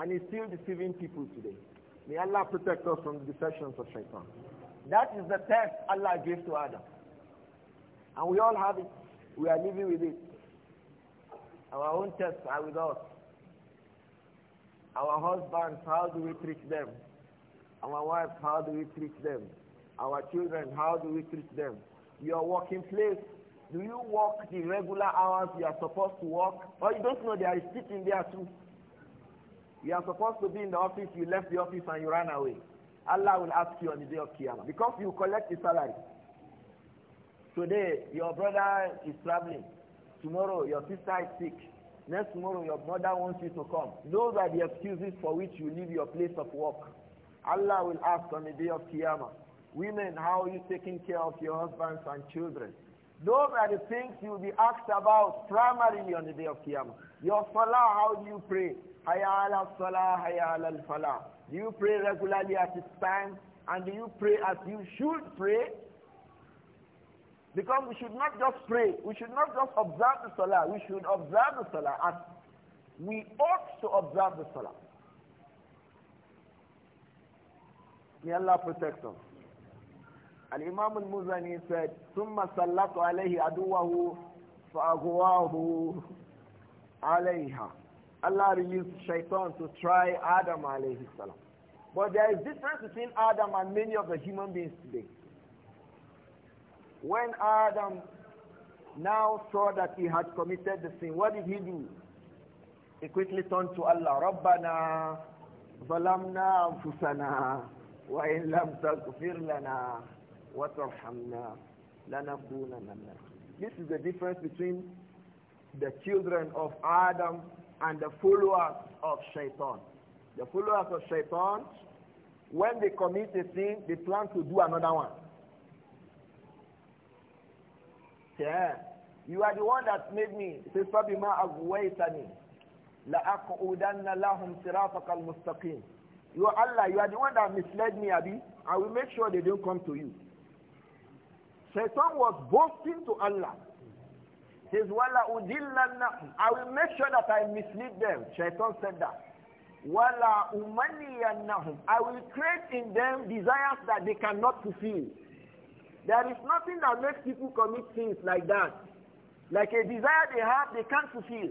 And he's still deceiving people today. May Allah protect us from the deceptions of shaitan. That is the test Allah gave to Adam. And we all have it. We are living with it. Our own tests are with us. Our husbands, how do we treat them? Our wives, how do we treat them? Our children, how do we treat them? Your working place, do you work the regular hours you are supposed to work? Or you don't know there is sitting there too. You are supposed to be in the office, you left the office and you ran away. Allah will ask you on the day of Qiyamah because you collect the salary. Today, your brother is traveling. Tomorrow, your sister is sick. Next tomorrow, your mother wants you to come. Those are the excuses for which you leave your place of work. Allah will ask on the day of Qiyamah. Women, how are you taking care of your husbands and children? Those are the things you'll be asked about primarily on the day of Qiyamah. Your salah, how do you pray? Hayal al salah, hayal al falah. Do you pray regularly at the time? And do you pray as you should pray? Because we should not just pray. We should not just observe the salah. We should observe the salah as we ought to observe the salah. May Allah protect us. Al-Imam al-Muzani said, ثُمَّ سَلَّطُ عَلَيْهِ عَدُوَّهُ فَأَغْوَاهُ عَلَيْهَا Allah used shaitan to try Adam alayhi salam. But there is difference between Adam and many of the human beings today. When Adam now saw that he had committed the sin, what did he do? He quickly turned to Allah, رَبَّنَا ظَلَمْنَا أَنفُسَنَا وَإِن لَمْ تَغْفِرْ لَنَا وَتَرْحَمْنَا لَنَكُونَنَّ This is the difference between the children of Adam and the followers of Shaitan. The followers of Shaitan, when they commit a sin, they plan to do another one. Yeah. You are the one that made me. It says, فَبِمَا أَغْوَيْتَنِي لَأَقْعُدَنَّ لَهُمْ صِرَاطَكَ الْمُسْتَقِيمِ You are Allah. You are the one that misled me, Abi. I will make sure they don't come to you. Shaitan was boasting to Allah. He says, Wala udillanna. I will make sure that I mislead them. Shaitan said that. Wala umaniyannahum. I will create in them desires that they cannot fulfill. There is nothing that makes people commit sins like that. Like a desire they have, they can't fulfill.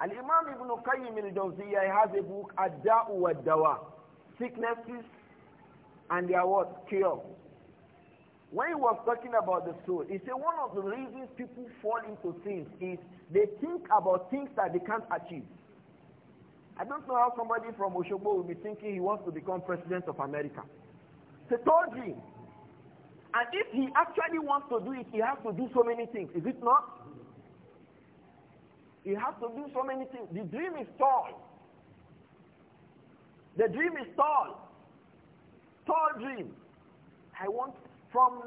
And Imam Ibn Qayyim al-Jawziyah has a book, ad wa Dawa, Sicknesses and their what? Cure. When he was talking about the soul, he said one of the reasons people fall into things is they think about things that they can't achieve. I don't know how somebody from Oshobo will be thinking he wants to become president of America. It's a tall dream. And if he actually wants to do it, he has to do so many things. Is it not? He has to do so many things. The dream is tall. The dream is tall. Tall dream. I want from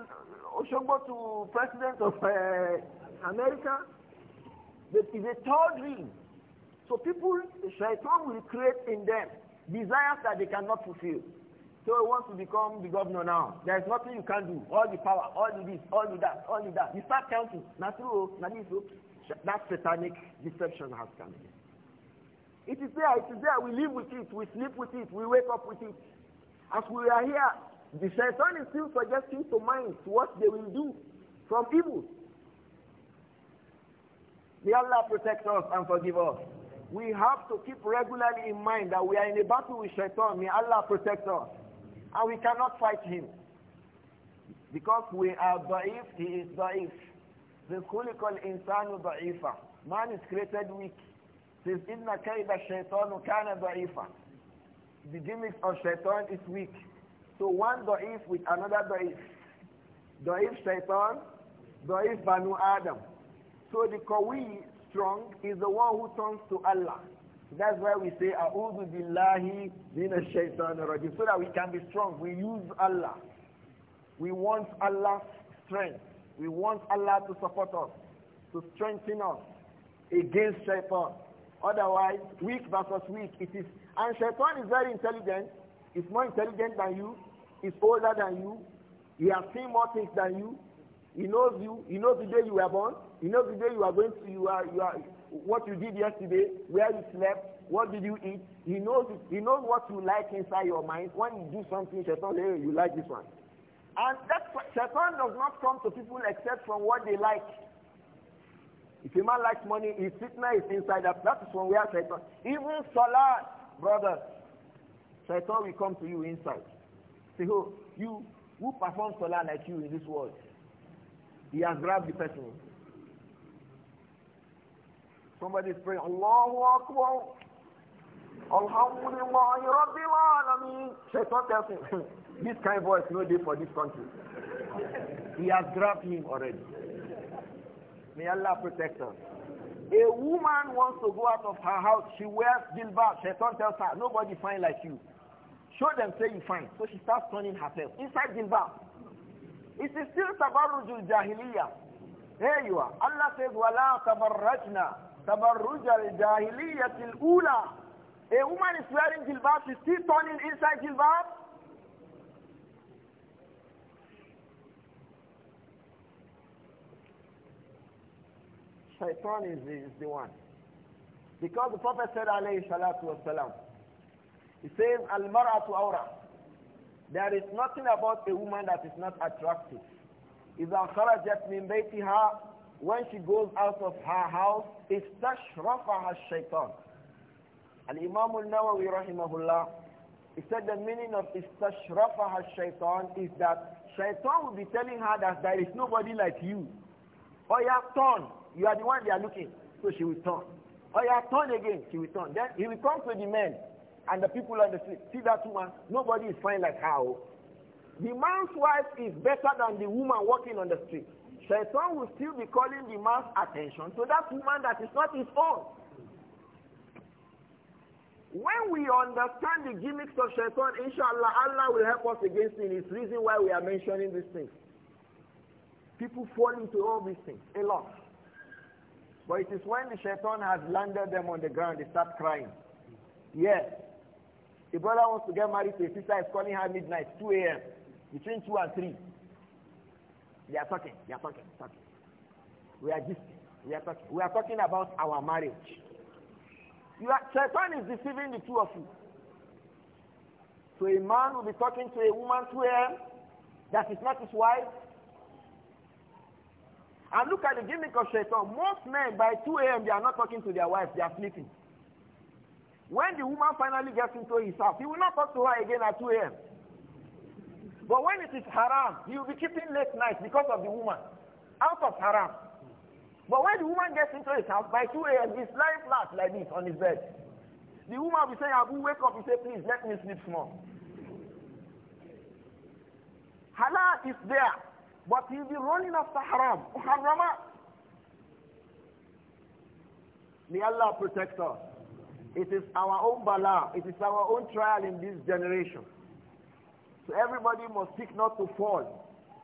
Oshogbo to president of uh, America, that is a tall dream. So people, shaitan will create in them desires that they cannot fulfill. So I want to become the governor now. There is nothing you can do. All the power, all the this, all the that, all the that. You start counting. Not true, not true. That satanic deception has come in. It is there, it is there. We live with it, we sleep with it, we wake up with it. As we are here, the shaitan is still suggesting to minds what they will do from evil. May Allah protect us and forgive us. We have to keep regularly in mind that we are in a battle with shaitan. May Allah protect us. And we cannot fight him. Because we are da'if, he is da'if. The khulikal insanu da'ifa. Man is created weak. Says, inna kaida shaitanu kana da'ifa. The gimmick of shaitan is weak. So one da'if with another da'if. Da'if shaitan, da'if banu Adam. So the kawi, strong, is the one who turns to Allah. That's why we say, A'udhu billahi min shaitan rajim. So that we can be strong. We use Allah. We want Allah's strength. We want Allah to support us, to strengthen us against shaitan. Otherwise, weak versus weak, it is. And shaitan is very intelligent. It's more intelligent than you is older than you. He has seen more things than you. He knows you. He knows the day you were born. He knows the day you are going to. You are. You are. What you did yesterday. Where you slept. What did you eat? He knows. He knows what you like inside your mind. When you do something, Shaitan say, hey, you like this one. And that Shaitan does not come to people except from what they like. If a man likes money, his fitna is inside that. That is from where Shaitan. Even Salah, brother, Shaitan will come to you inside. Say, oh, you who performs salah like you in this world? He has grabbed the person. Somebody is praying, Allahu Akbar. Alhamdulillah, Rabbil Alameen. Shaitan tells him, this kind of voice no day for this country. he has grabbed him already. May Allah protect us. A woman wants to go out of her house, she wears jilbab. Shaitan tells her, nobody fine like you. Show them, say you fine. So she starts turning herself inside Jilbab. It is still Tabarrujul Jahiliyyah. There you are. Allah says, وَلَا al تَبَرُّجَ til ula. A woman is wearing Jilbab, she's still turning inside Jilbab. Shaitan is, is the one. Because the Prophet said, alayhi salatu wasalam, he says, Al mar'atu awra. There is nothing about a woman that is not attractive. If إِذَا خَرَجَتْ مِنْ her When she goes out of her house, استشرفها shaitan. Al-Imam al-Nawawi rahimahullah, he said the meaning of istashrafaha shaitan is that shaitan will be telling her that there is nobody like you. Oh, you have turned. You are the one they are looking. So she will turn. Oh, you have turned again. She will turn. Then he will come to the men and the people on the street, See that woman? Nobody is fine like her. Oh. The man's wife is better than the woman walking on the street. Shaitan will still be calling the man's attention to that woman that is not his own. When we understand the gimmicks of Shaitan, inshallah, Allah will help us against it. It's reason why we are mentioning these things. People fall into all these things, a lot. But it is when the Shaitan has landed them on the ground, they start crying. Yes, a brother wants to get married to a sister, is calling her midnight, 2 a.m., between 2 and 3. They are talking, they are talking, talking. We are just, we are talking. We are talking about our marriage. You are, Shaitan is deceiving the two of you. So a man will be talking to a woman 2 a.m. that is not his wife. And look at the gimmick of Shaitan. Most men by 2 a.m. they are not talking to their wife, they are sleeping. When the woman finally gets into his house, he will not talk to her again at 2 a.m. But when it is haram, he will be keeping late nights because of the woman. Out of haram. But when the woman gets into his house, by 2 a.m., he's lying flat like this on his bed. The woman will say, Abu, wake up. He say, please, let me sleep more. Halal is there, but he'll be running after haram. Harama. May Allah protect us. It is our own bala. It is our own trial in this generation. So everybody must seek not to fall.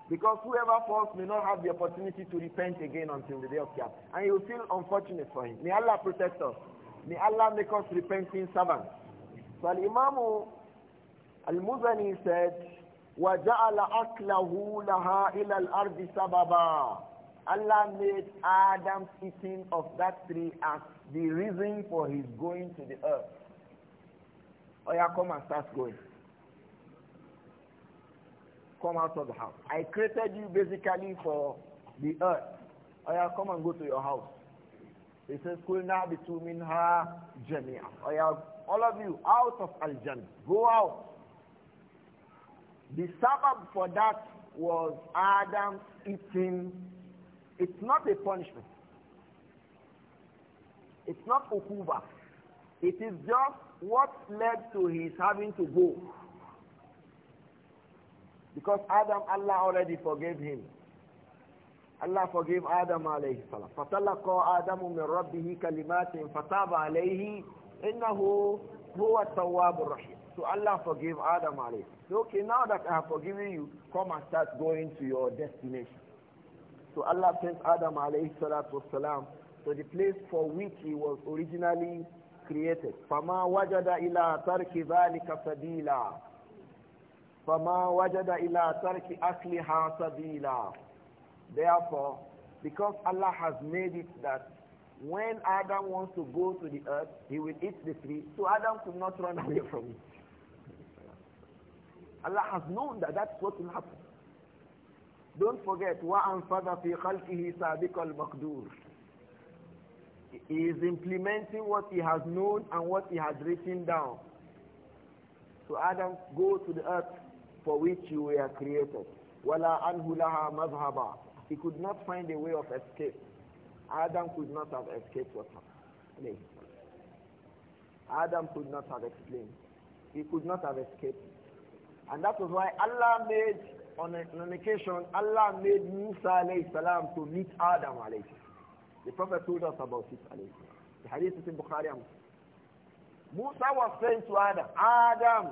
Because whoever falls may not have the opportunity to repent again until the day of Judgment, And you will feel unfortunate for him. May Allah protect us. May Allah make us repenting servants. So Imam Al-Muzani said, وَجَعَلَ أَكْلَهُ لَهَا إِلَى الْأَرْضِ سَبَبًا Allah made Adam eating of that tree as the reason for his going to the earth. Oh yeah, come and start going. Come out of the house. I created you basically for the earth. Oh yeah, come and go to your house. He says, between her journey." Oh yeah, all of you out of al Go out. The sabbath for that was Adam eating it's not a punishment. It's not ukuba. It is just what led to his having to go. Because Adam, Allah already forgave him. Allah forgave Adam alayhi salam. فَتَلَقَى آدَمُ مِنْ رَبِّهِ كَلِمَاتٍ فَتَابَ عَلَيْهِ إِنَّهُ هُوَ التَّوَّابُ الرَّحِيمُ So Allah forgave Adam alayhi. So, okay, now that I have forgiven you, come and start going to your destination. So Allah sent Adam alayhi salatu wasalam to the place for which he was originally created. فَمَا وَجَدَ إِلَىٰ تَرْكِ ذَٰلِكَ سَبِيلًا فَمَا وَجَدَ إِلَىٰ تَرْكِ أَكْلِهَا سَبِيلًا Therefore, because Allah has made it that when Adam wants to go to the earth, he will eat the tree, so Adam could not run away from it. Allah has known that that's what will happen. Don't forget, وَأَنْفَذَ fi خَلْقِهِ سَابِقَ maqdur. He is implementing what he has known and what he has written down. So Adam, go to the earth for which you were created. وَلَا أَنْهُ لَهَا mazhaba He could not find a way of escape. Adam could not have escaped what happened. Adam could not have explained. He could not have escaped. And that was why Allah made on, a, on an occasion, Allah made Musa alayhi salam to meet Adam alayhi The Prophet told us about it The hadith is in Bukhari Musa was saying to Adam, Adam,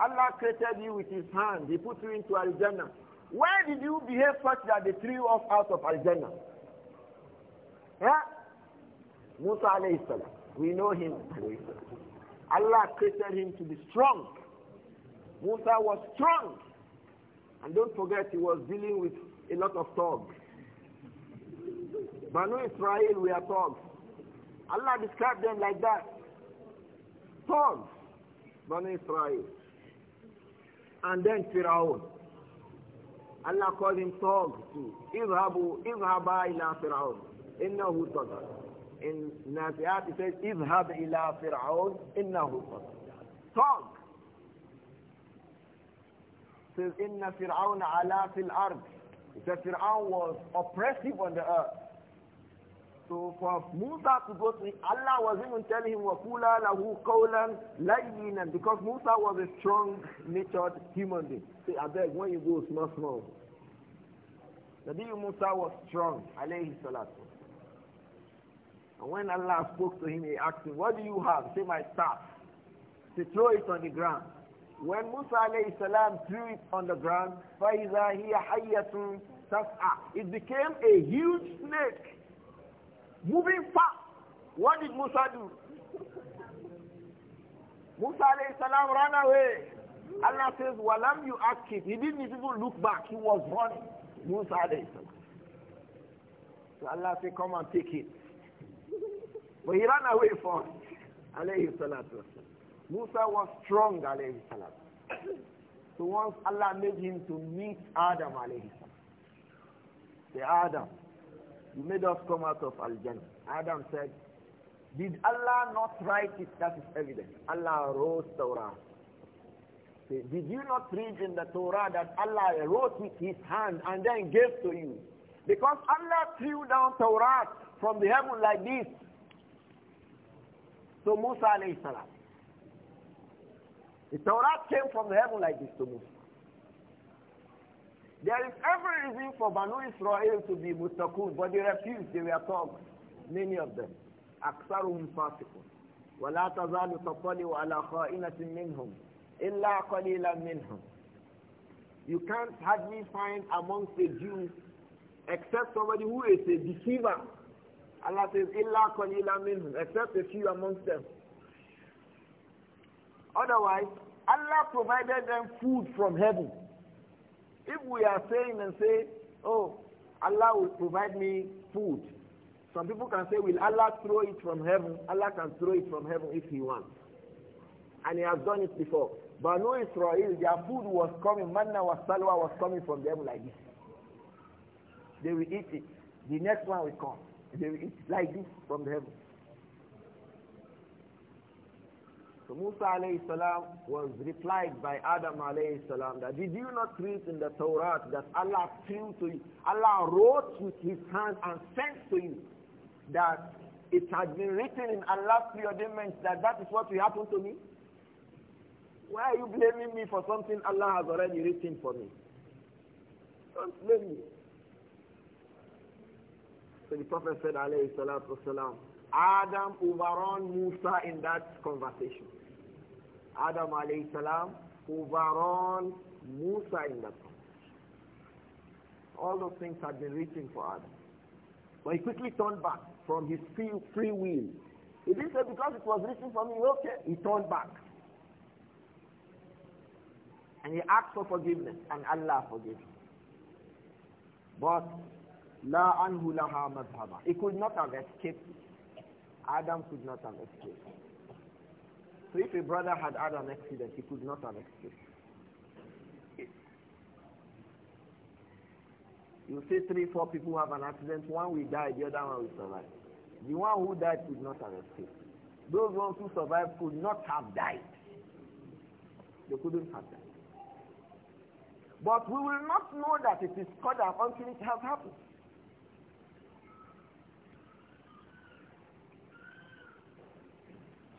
Allah created you with his hand. He put you into Al-Jannah. Why did you behave such that they threw you off out of Al-Jannah? Yeah, Musa alayhi salam. We know him. Allah created him to be strong. Musa was strong. And don't forget, he was dealing with a lot of thugs. Banu Israel we are thugs. Allah described them like that. Thugs, Banu Israel. And then Firaun. Allah called him thugs too. Izhabu, izhaba ila Firaun. Innahu tagar. In Nafiat it says, Izhab ila Firaun. Innahu tagar. Thugs says, Inna Fir'aun ala fil ard. That said Fir'aun was oppressive on the earth. So for Musa to go to Allah was even telling him, Wakula lahu qawlan layyinan. Because Musa was a strong-natured human being. Say, I beg, when you go, small, small. Nabi Musa was strong, alayhi salatu. And when Allah spoke to him, he asked him, what do you have? Say, my staff. He throw it on the ground. When Musa alayhi salam threw it on the ground, فَإِذَا هِيَ حَيَّةٌ تَسْعَى It became a huge snake, moving fast. What did Musa do? Musa alayhi salam ran away. Allah says, Walam you He didn't even look back. He was running. Musa alayhi salam. So Allah said, come and take it. But he ran away from alayhi salatu wasalam. Musa was strong, alayhi salam. So once Allah made him to meet Adam, alayhi salam. Say, Adam, you made us come out of Al-Jannah. Adam said, did Allah not write it? That is evident. Allah wrote Torah. Say, did you not read in the Torah that Allah wrote with his hand and then gave to you? Because Allah threw down Torah from the heaven like this. So Musa alayhi salam. The Torah came from the heaven like this to Moses. There is every reason for Banu Israel to be mutakun, but they refused. They were told, many of them. أكثرهم فاسقون ولا تزال تطلع على خائنة منهم إلا قليلا منهم. You can't hardly find amongst the Jews except somebody who is a deceiver. Allah says, إلا قليلا منهم, except a few amongst them. Otherwise, Allah provided them food from heaven. If we are saying and say, oh, Allah will provide me food. Some people can say, will Allah throw it from heaven? Allah can throw it from heaven if he wants. And he has done it before. But no Israel, their food was coming, manna was salwa was coming from them like this. They will eat it. The next one will come. They will eat like this from heaven. So Musa alayhi salam was replied by Adam alayhi salam that did you not read in the Torah that Allah threw to you, Allah wrote with his hand and sent to you that it had been written in Allah's preordainment that that is what will happen to me? Why are you blaming me for something Allah has already written for me? Don't blame me. So the Prophet said alayhi Adam overran Musa in that conversation. Adam alayhi salam overall Musa in the All those things had been written for Adam. But he quickly turned back from his free, free will. He didn't say because it was written for me, okay. He turned back. And he asked for forgiveness and Allah forgave him. But La anhu laha madhaba. He could not have escaped. Adam could not have escaped. So if a brother had had an accident, he could not have escaped. You see three, four people have an accident, one will die, the other one will survive. The one who died could not have escaped. Those ones who survived could not have died. They couldn't have died. But we will not know that it is Qadar until it has happened.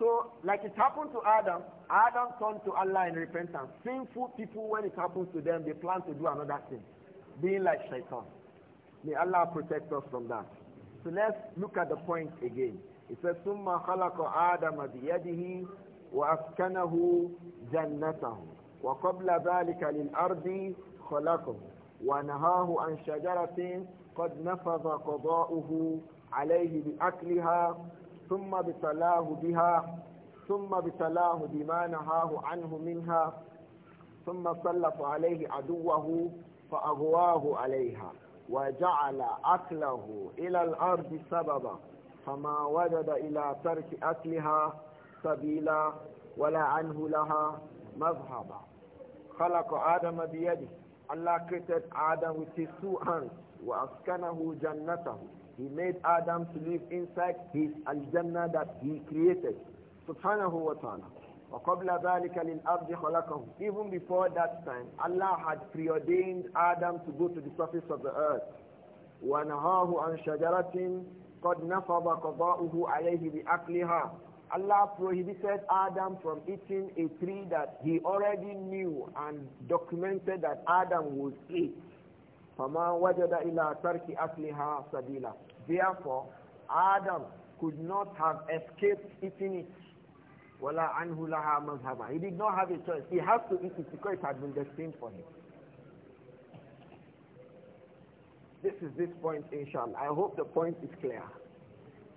So, like it happened to Adam, Adam turned to Allah in repentance. Sinful people, when it happens to them, they plan to do another thing, being like shaitan. May Allah protect us from that. So let's look at the point again. It says, ثُمَّ خَلَقَ آدَمَ بِيَدِهِ وَأَسْكَنَهُ جَنَّتَهُ وَقَبْلَ ذَلِكَ لِلْأَرْضِ خَلَقَهُ ونهاه عن شجرة قد نفذ alayhi عليه بأكلها ثم بتلاه بها ثم بتلاه بما نهاه عنه منها ثم سلط عليه عدوه فأغواه عليها وجعل أكله إلى الأرض سببا فما وجد إلى ترك أكلها سبيلا ولا عنه لها مذهبا خلق آدم بيده Allah created Adam with his two hands وَأَسْكَنَهُ جَنَّتَهُ He made Adam to live inside his al-jannah that he created. tana wa ta'ala. وَقَبْلَ ذَلِكَ لِلْأَرْضِ خَلَقَهُ Even before that time, Allah had preordained Adam to go to the surface of the earth. وَنَهَاهُ عَنْ شَجَرَةٍ قَدْ نَفَضَ قَضَاؤُهُ عَلَيْهِ akliha. Allah prohibited Adam from eating a tree that he already knew and documented that Adam would eat. Therefore, Adam could not have escaped eating it. وَلَا anhu laha مَذْهَبًا He did not have a choice. He has to eat it because it had been destined for him. This is this point, inshallah. I hope the point is clear.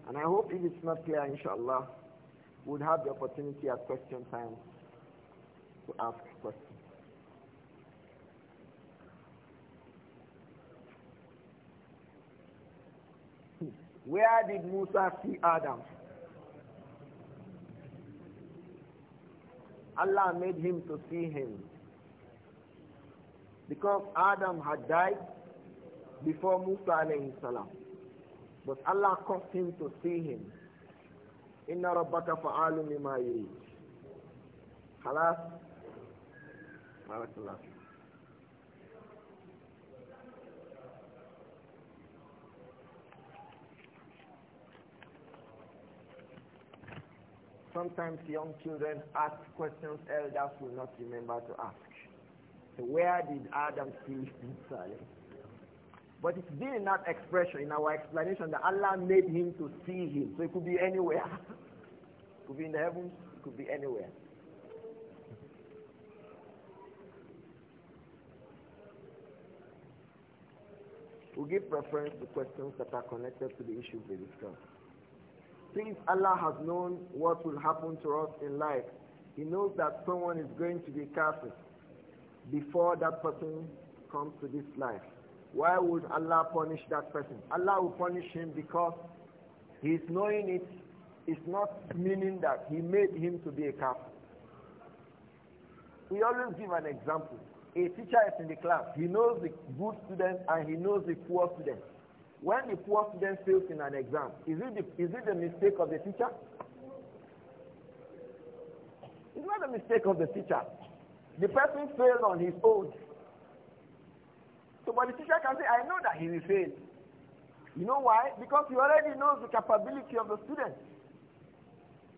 And I hope if it's not clear, inshallah, we'll have the opportunity at question time to ask questions. Where did Musa see Adam? Allah made him to see him. Because Adam had died before Musa alayhi salam. But Allah caused him to see him. Inna rabbaka fa'alu lima yurid. Khalas? Barakallahu. sometimes young children ask questions elders will not remember to ask. So where did Adam see inside? But it's been in that expression, in our explanation, that Allah made him to see him. So it could be anywhere. it could be in the heavens, it could be anywhere. we give preference to questions that are connected to the issues we discussed. Since Allah has known what will happen to us in life, He knows that someone is going to be kafir before that person comes to this life. Why would Allah punish that person? Allah will punish him because He is knowing it is not meaning that he made him to be a kafir. We always give an example. A teacher is in the class. He knows the good students and he knows the poor students. When the poor student fails in an exam, is it the, is it the mistake of the teacher? It's not the mistake of the teacher. The person failed on his own. So, but the teacher can say, I know that he will fail. You know why? Because he already knows the capability of the student.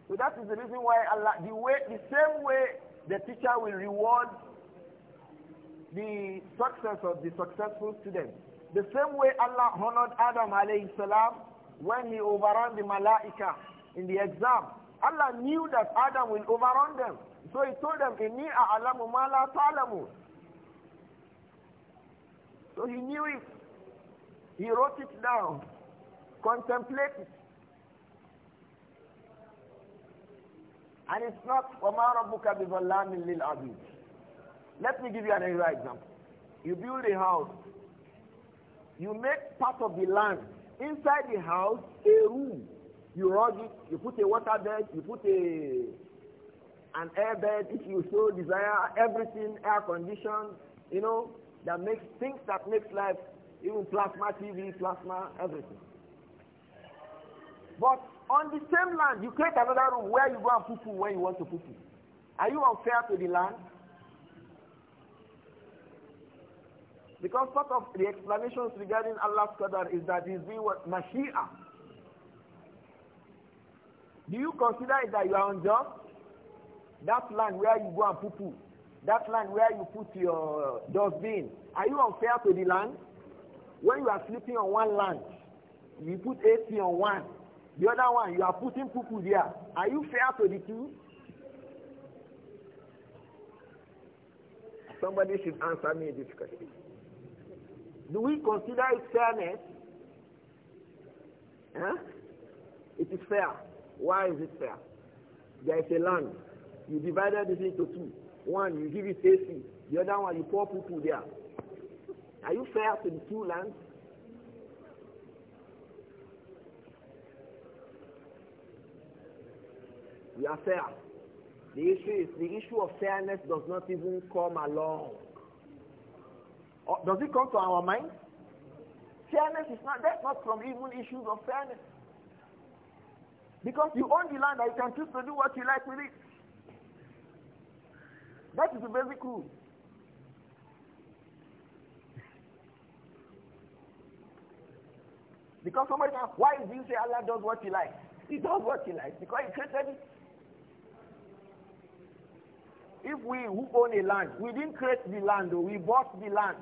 So that is the reason why Allah, the way, the same way the teacher will reward the success of the successful student, the same way Allah honored Adam alayhi salam when he overran the malaika in the exam. Allah knew that Adam will overrun them. So he told them, Inni a'alamu ma la ta'alamu. So he knew it. He wrote it down. Contemplate it. And it's not وَمَا رَبُّكَ بِظَلَّامٍ لِلْعَبِيدِ Let me give you another example. You build a house you make part of the land inside the house a room. You rug it, you put a water bed, you put a an air bed if you so desire, everything air conditioned, you know, that makes things that makes life, even plasma TV, plasma, everything. But on the same land, you create another room where you go and poo, -poo where you want to poo, poo. Are you unfair to the land? Because part of the explanations regarding Allah's Qadar is that he's doing what? Do you consider that you are unjust? That land where you go and poo-poo, that land where you put your dustbin, are you unfair to the land? When you are sleeping on one land, you put AC on one. The other one, you are putting poo-poo there. Are you fair to the two? Somebody should answer me this question. Do we consider it fairness? Huh? It is fair. Why is it fair? There is a land. You divided it into two. One, you give it AC. The other one, you pour people there. Are you fair to the two lands? We are fair. The issue is the issue of fairness does not even come along does it come to our mind? Fairness is not, that's not from even issues of fairness. Because you own the land and you can choose to do what you like with it. That is the basic rule. Because somebody asks, why do you say Allah does what he likes? He does what he likes because he created it. If we who own a land, we didn't create the land, we bought the land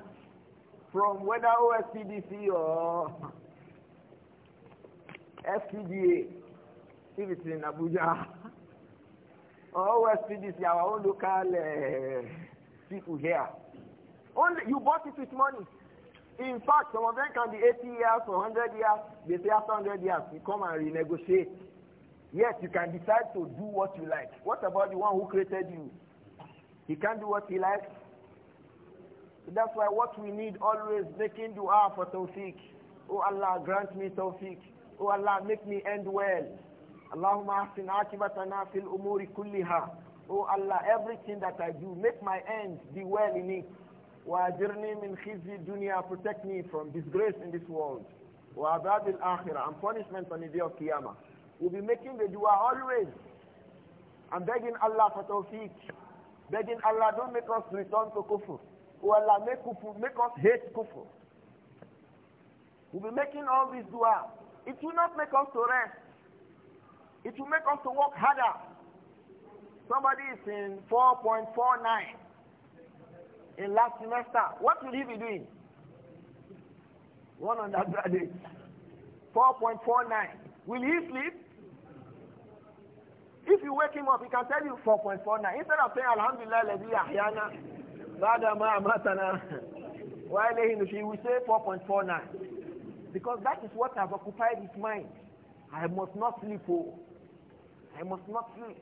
from whether OSPDC or FCDA, if it's in Abuja, or OSPDC, our own local uh, people here. Only you bought it with money. In fact, some of them can be 80 years or 100 years. They say after 100 years, you come and renegotiate. Yes, you can decide to do what you like. What about the one who created you? He can't do what he likes. That's why what we need always making dua for tawfiq. Oh Allah, grant me tawfiq. Oh Allah, make me end well. Allahumma ahsin akibatana fil umuri kulliha. Oh Allah, everything that I do, make my end be well in it. وَأَجِرْنِي مِنْ خِزْيِ dunya Protect me from disgrace in this world. abadil akhirah, And punishment on the day of Qiyamah. We'll be making the dua always. I'm begging Allah for tawfiq. Begging Allah, don't make us return to kufr who Allah make, kufu, make us hate kufu. We'll be making all this dua. It will not make us to rest. It will make us to work harder. Somebody is in 4.49 in last semester. What will he be doing? One undergraduate. 4.49. Will he sleep? If you wake him up, he can tell you 4.49. Instead of saying, Alhamdulillah, Levi Ahyana, why Matana. While he will say 4.49. Because that is what has occupied his mind. I must not sleep. Oh. I must not sleep.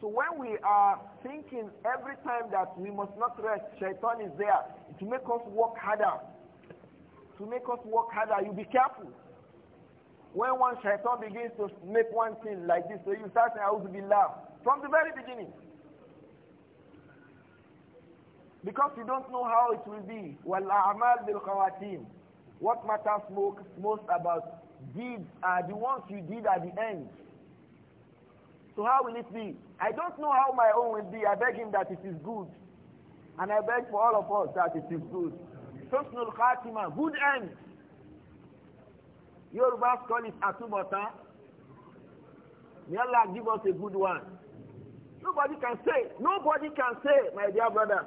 So when we are thinking every time that we must not rest, shaitan is there to make us work harder. To make us work harder, you be careful. When one shaitan begins to make one thing like this, so you start saying, I will be laughed from the very beginning. Because you don't know how it will be. amal وَالْأَعْمَالِ بِالْخَوَاتِيمِ What matters most about deeds are the ones you did at the end. So how will it be? I don't know how my own will be. I beg him that it is good. And I beg for all of us that it is good. Husnul Khatima, good end. Your last call it Atubata. May Allah give us a good one. Nobody can say, nobody can say, my dear brother,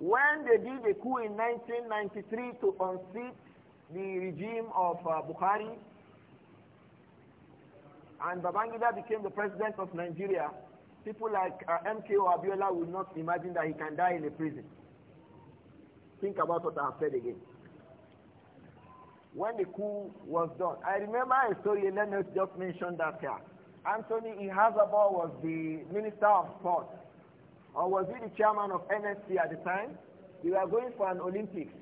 when they did a coup in 1993 to unseat the regime of uh, Bukhari, and Babangida became the president of Nigeria, people like uh, MKO Abiola would not imagine that he can die in a prison. Think about what I have said again. When the coup was done, I remember a story Leonard just mentioned that here. Anthony Ihazabal was the minister of sports or was he the chairman of NSC at the time? They were going for an Olympics.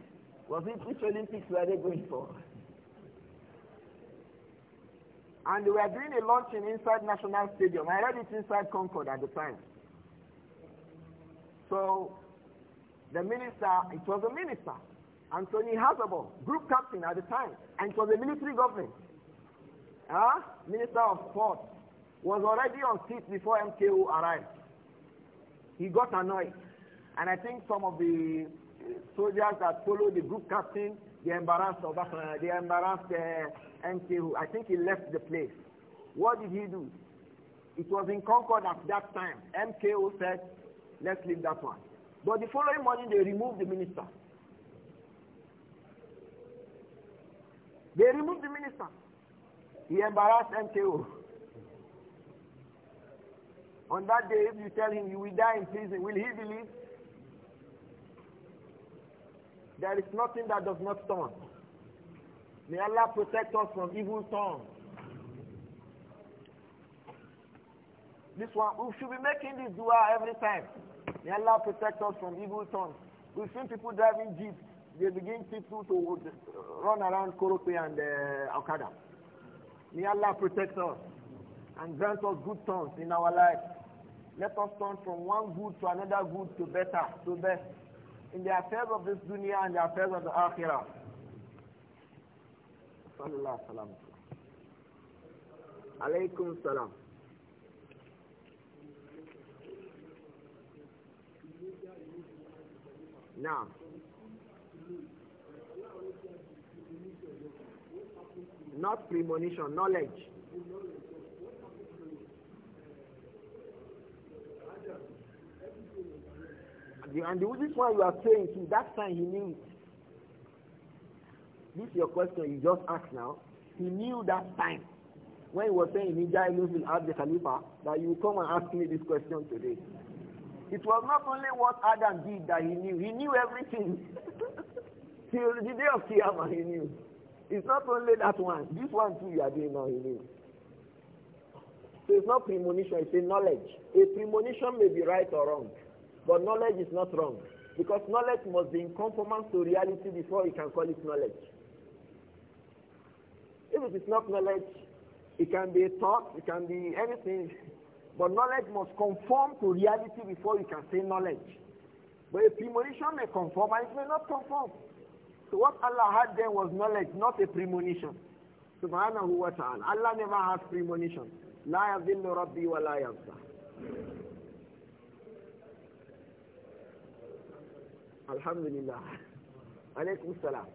Was it which Olympics were they going for? And they were doing a in inside National Stadium. I read it inside Concord at the time. So the minister, it was a minister, Anthony Hazabo, group captain at the time, and it was a military government. Huh? Minister of Sports was already on seat before MKO arrived. He got annoyed. And I think some of the soldiers that followed the group captain, they embarrassed of they embarrassed uh, I think he left the place. What did he do? It was in Concord at that time. MKO said, let's leave that one. But the following morning, they removed the minister. They removed the minister. He embarrassed MKO. On that day, if you tell him you will die in prison, will he believe? There is nothing that does not turn. May Allah protect us from evil tongues. This one, we should be making this dua every time. May Allah protect us from evil tongues. We've seen people driving jeeps. They begin people to run around Korope and uh, Okada. May Allah protect us and grant us good tongues in our life. Let us turn from one good to another good to better, to best. In the affairs of this dunya and the affairs of the akhirah. Sallallahu salam. Alaykum salam. Now. Not premonition, knowledge. and the, this one you are praying to, that time he knew This is your question you just asked now. He knew that time. When he was saying in will at the Khalifa, that you come and ask me this question today. It was not only what Adam did that he knew, he knew everything. Till the day of Qiyamah, he knew. It's not only that one. This one too you are doing now, he knew. So it's not premonition, it's a knowledge. A premonition may be right or wrong. But knowledge is not wrong. Because knowledge must be in conformance to reality before you can call it knowledge. If it is not knowledge, it can be a thought, it can be anything. But knowledge must conform to reality before you can say knowledge. But a premonition may conform and it may not conform. So what Allah had then was knowledge, not a premonition. Subhanahu wa ta'ala. Allah never has premonition. لا يضل ربي ولا ينسى. الحمد لله عليكم السلام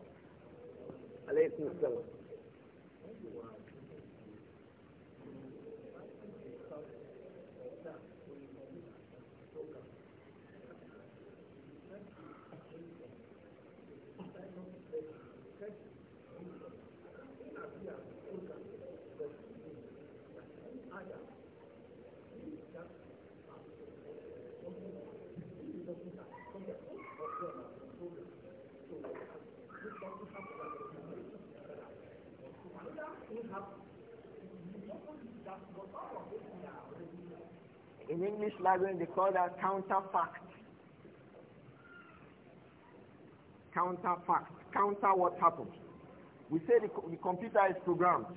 عليكم السلام Thank you. In English language, they call that counterfact. Counterfact. Counter what happened. We say the, the computer is programmed.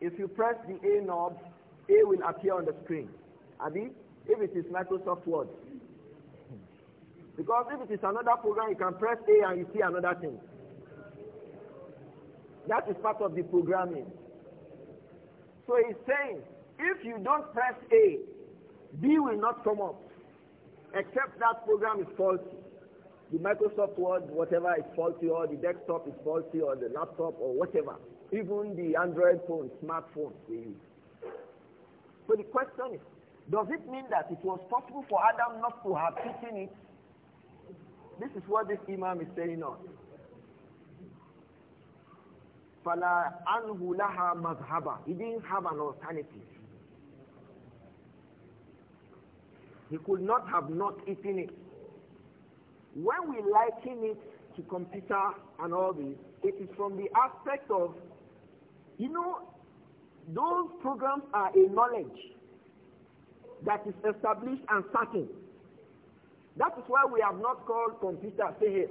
If you press the A knob, A will appear on the screen. Abi, if it is Microsoft Word. Because if it is another program, you can press A and you see another thing. That is part of the programming. So he's saying, if you don't press A, B will not come up except that program is faulty. The Microsoft Word, whatever is faulty, or the desktop is faulty, or the laptop, or whatever. Even the Android phone, smartphone they use. So the question is, does it mean that it was possible for Adam not to have eaten it? This is what this Imam is saying on. فَلَا أَنْهُ لَهَا مَذْهَبًا He didn't have an alternative. He could not have not eaten it. When we liken it to computer and all this, it is from the aspect of, you know, those programs are a knowledge that is established and certain. That is why we have not called computer say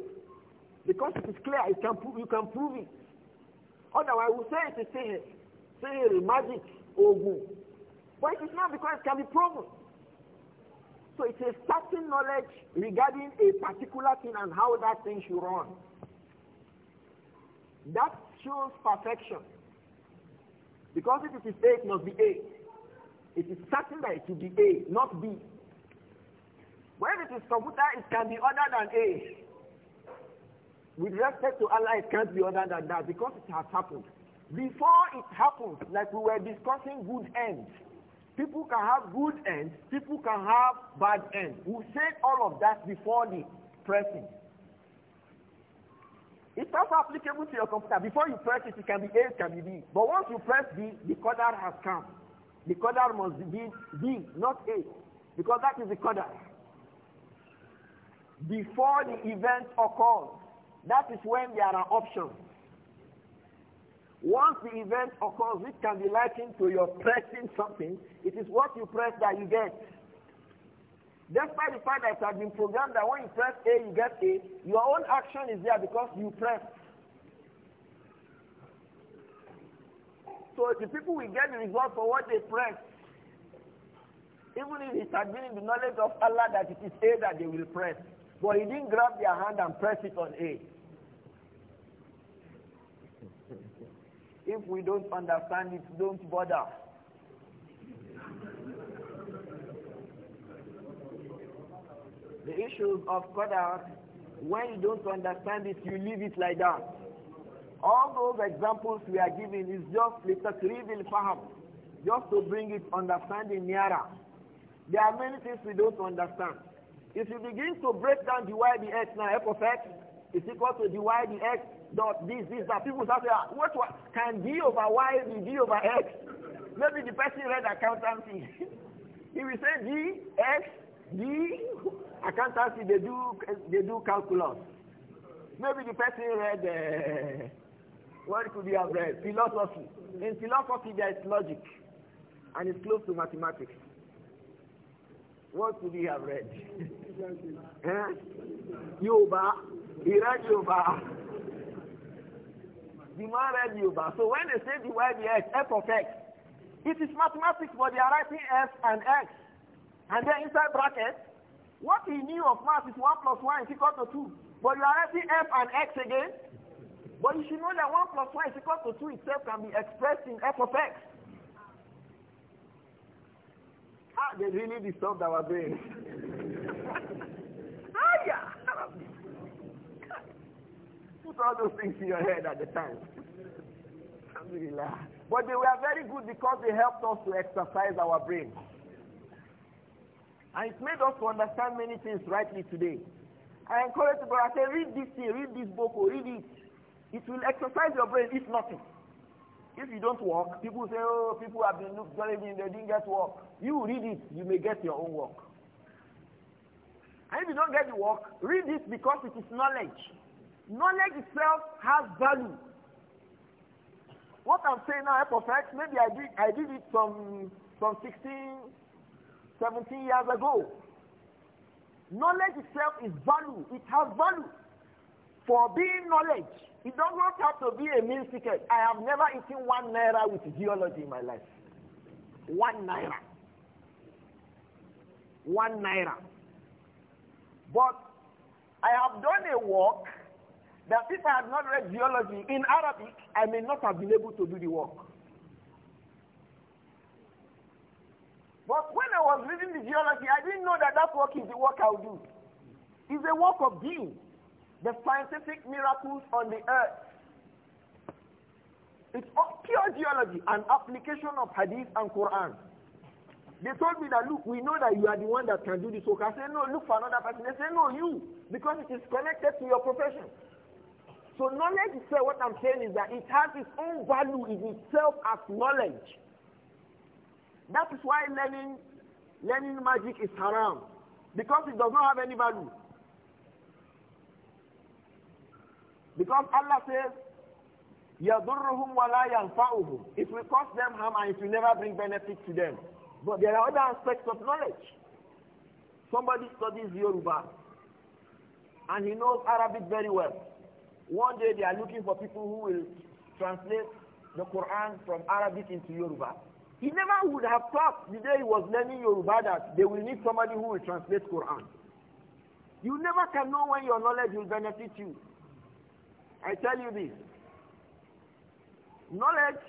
Because it is clear, it can prove, you can prove it. Otherwise, we say it is say Sihir, magic, ogun. But it is not because it can be proven. So it's a certain knowledge regarding a particular thing and how that thing should run. That shows perfection. Because if it is A, it must be A. It is certain that it should be A, not B. When it is computer, it can be other than A. With respect to Allah, it can't be other than that because it has happened. Before it happened, like we were discussing good ends, People can have good ends. People can have bad ends. We said all of that before the pressing. It's also applicable to your computer. Before you press it, it can be A, it can be B. But once you press B, the qadar has come. The qadar must be B, not A. Because that is the qadar. Before the event occurs, that is when there are options. Once the event occurs, which can be likened to your pressing something, it is what you press that you get. Despite the fact that it has been programmed that when you press A, you get A, your own action is there because you press. So the people will get the result for what they press. Even if it had been in the knowledge of Allah that it is A that they will press. But he didn't grab their hand and press it on A. If we don't understand it, don't bother. The issues of qadar, when you don't understand it, you leave it like that. All those examples we are giving is just little trivial الفهم, just to bring it understanding nearer. There are many things we don't understand. If you begin to break down dydx now, f of x is equal to dydx dot, this, this, that. People start saying, ah, what, what can D over Y be D over X? Maybe the person read accountancy. he will say D, X, D, accountancy, they do, they do calculus. Maybe the person read, uh, what could be have read? Philosophy. In philosophy, there is logic, and it's close to mathematics. What could he have read? huh? He read Yuba the man read So when they say the word X, F of X, it is mathematics, but they are writing F and X. And then inside bracket, what he knew of math is 1 plus 1 is equal to 2. But you are writing F and X again. But you should know that 1 plus 1 is equal to 2 itself can be expressed in F of X. Ah, they really disturbed our brain. ah, yeah put all those things in your head at the time. but they were very good because they helped us to exercise our brain. And it made us to understand many things rightly today. I encourage you, brother, say, read this thing, read this book, or read it. It will exercise your brain, if nothing. If you don't work, people say, oh, people have been looked very they didn't get work. You read it, you may get your own work. And if you don't get the work, read this because it is knowledge. Knowledge itself has value. What I'm saying now, eh, perfect, maybe I did, I did it from, from 16, 17 years ago. Knowledge itself is value. It has value. For being knowledge, it does not have to be a meal ticket. I have never eaten one naira with geology in my life. One naira. One naira. But I have done a work that if I had not read geology in Arabic, I may not have been able to do the work. But when I was reading the geology, I didn't know that that work is the work I'll do. It's a work of being. The scientific miracles on the earth. It's pure geology and application of hadith and Quran. They told me that, look, we know that you are the one that can do this work. I said, no, look for another person. They said, no, you, because it is connected to your profession. So knowledge itself, what I'm saying is that it has its own value in itself as knowledge. That is why learning, learning magic is haram. Because it does not have any value. Because Allah says, يَضُرُّهُمْ وَلَا يَنْفَعُهُمْ It will cause them harm and it will never bring benefit to them. But there are other aspects of knowledge. Somebody studies Yoruba and he knows Arabic very well. One day they are looking for people who will translate the Quran from Arabic into Yoruba. He never would have thought the day he was learning Yoruba that they will need somebody who will translate Quran. You never can know when your knowledge will benefit you. I tell you this. Knowledge,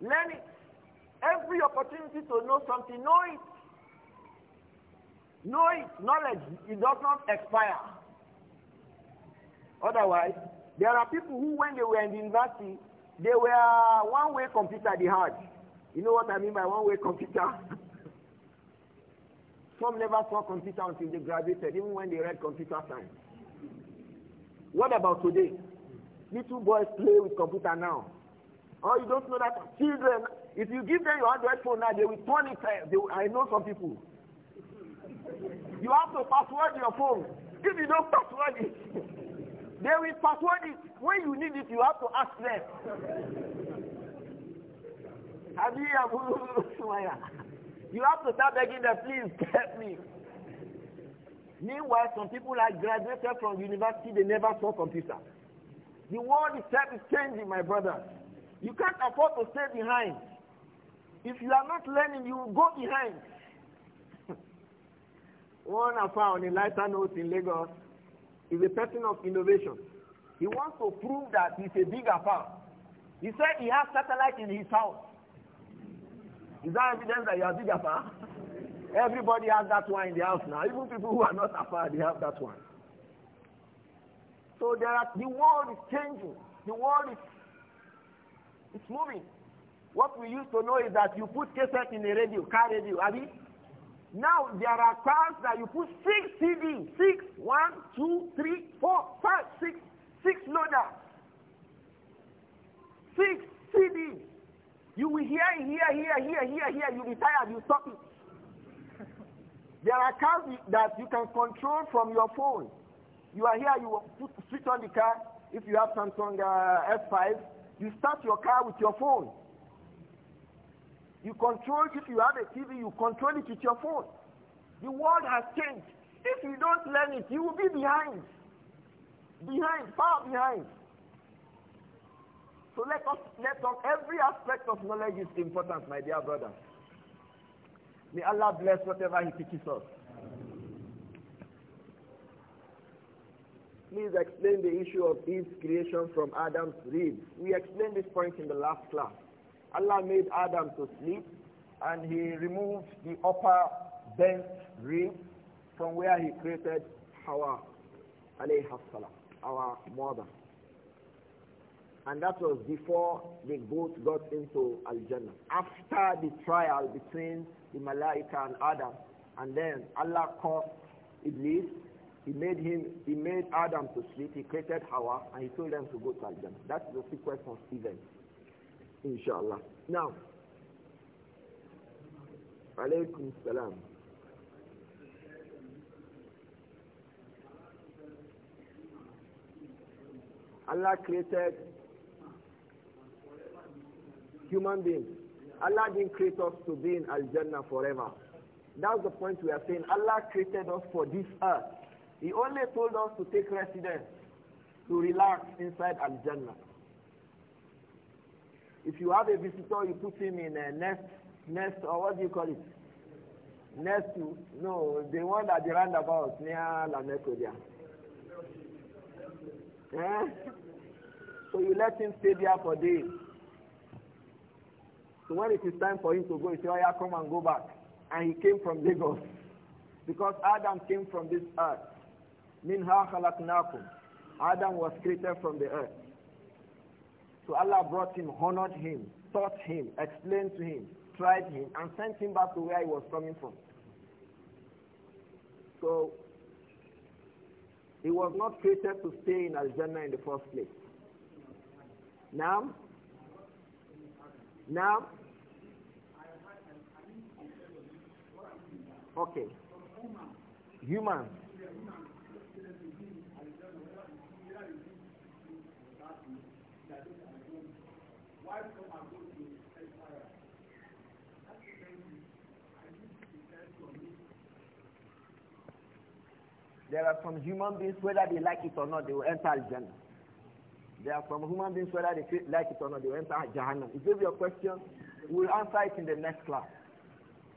learn it. Every opportunity to know something, know it. Know it. Knowledge, it does not expire. Otherwise, there are people who, when they were in the university, they were one-way computer they had. You know what I mean by one-way computer? Some never saw computer until they graduated, even when they read computer science. What about today? Little boys play with computer now. Oh, you don't know that children, if you give them your Android phone now, they will turn it. Eh, they, I know some people. You have to password your phone. If you don't password it, They will persuade it. When you need it, you have to ask them. You have to start begging them, please help me. Meanwhile, some people are graduated from university, they never saw computer. The world itself is changing, my brother. You can't afford to stay behind. If you are not learning, you will go behind. One I found in lighter note in Lagos, is a person of innovation. He wants to prove that he's a bigger power. He said he has satellite in his house. Is that evidence that you are bigger power? Everybody has that one in the house now. Even people who are not afar, they have that one. So there are, the world is changing. The world is it's moving. What we used to know is that you put cassette in a radio, car radio, you? Now there are cars that you put six CD, six, one, two, three, four, five, six, six loader, six CD. You will hear, hear, hear, hear, hear, hear. You will be tired. You stop it. There are cars that you can control from your phone. You are here. You put, switch on the car. If you have Samsung uh, S5, you start your car with your phone. You control it. If you have a TV, you control it with your phone. The world has changed. If you don't learn it, you will be behind. Behind, far behind. So let us, let us, every aspect of knowledge is important, my dear brother. May Allah bless whatever He teaches us. Please explain the issue of Eve's creation from Adam's rib. We explained this point in the last class. Allah made Adam to sleep and he removed the upper bent rib from where he created Hawa alayhi salam, our mother. And that was before they both got into Al-Jannah. After the trial between the Malaika and Adam, and then Allah caused Iblis, he made him, he made Adam to sleep, he created Hawa, and he told them to go to Al-Jannah. That's the sequence of events. Inshallah. Now, alaykum salam. Allah created human beings. Allah didn't create us to be in Al Jannah forever. That's the point we are saying. Allah created us for this earth. He only told us to take residence, to relax inside Al Jannah. If you have a visitor, you put him in a nest, nest or what do you call it? Nest to, no, the one at the roundabout near La there. Eh? So you let him stay there for days. So when it is time for him to go, he said, oh yeah, come and go back. And he came from Lagos. Because Adam came from this earth. Minha khalaqnakum. Adam was created from the earth. So Allah brought him, honored him, taught him, explained to him, tried him, and sent him back to where he was coming from. So he was not created to stay in Al-Jannah in the first place. Now, now, okay, human. There are some human beings, whether they like it or not, they will enter Jannah. There are some human beings, whether they like it or not, they will enter Jahannam. If you have your question, we'll answer it in the next class.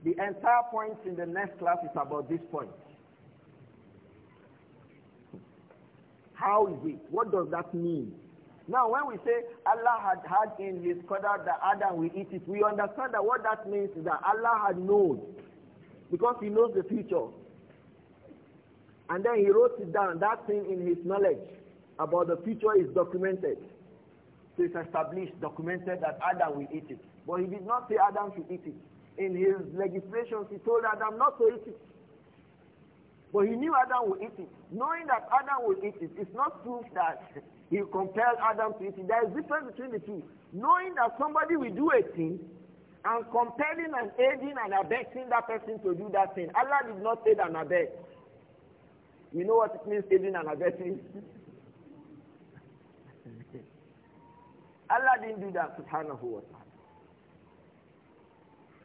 The entire point in the next class is about this point. How is it? What does that mean? Now, when we say Allah had had in his qadar that Adam will eat it, we understand that what that means is that Allah had known because he knows the future. And then he wrote it down. That thing in his knowledge about the future is documented. So it's established, documented that Adam will eat it. But he did not say Adam should eat it. In his legislations, he told Adam not to eat it. But he knew Adam would eat it. Knowing that Adam would eat it, it's not proof that He compelled Adam to it. There is difference between the two. Knowing that somebody will do a thing and compelling and aiding and abetting that person to do that thing. Allah did not that and abet. You know what it means aiding and abetting? Allah didn't do that, subhanahu wa ta'ala.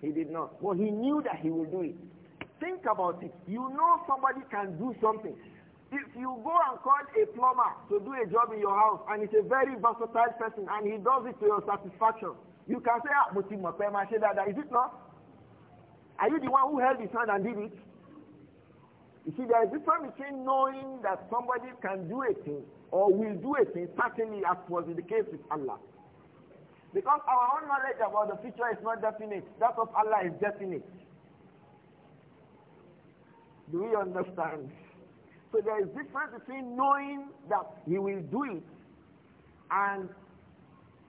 He did not. But well, he knew that he would do it. Think about it. You know somebody can do something. If you go and call a plumber to do a job in your house and he's a very versatile person and he does it to your satisfaction, you can say, ah, but you must say that. Is it not? Are you the one who held his hand and did it? You see, there is a difference between knowing that somebody can do a thing or will do a thing, certainly as was the case with Allah. Because our own knowledge about the future is not definite. That of Allah is definite. Do we understand? So there is difference between knowing that he will do it and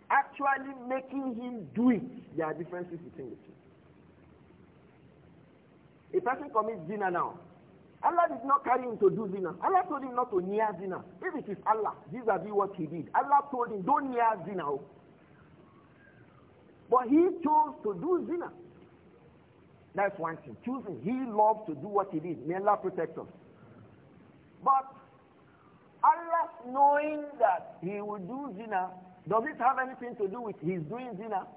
actually making him do it. There are differences between the two. A person commits zina now. Allah did not carry him to do zina. Allah told him not to near zina. If it is Allah, this is what he did. Allah told him, don't near zina. Oh. But he chose to do zina. That's one thing. Choosing. He loved to do what he did. May Allah protect us. But Allah, knowing that he will do zina, does it have anything to do with his doing zina?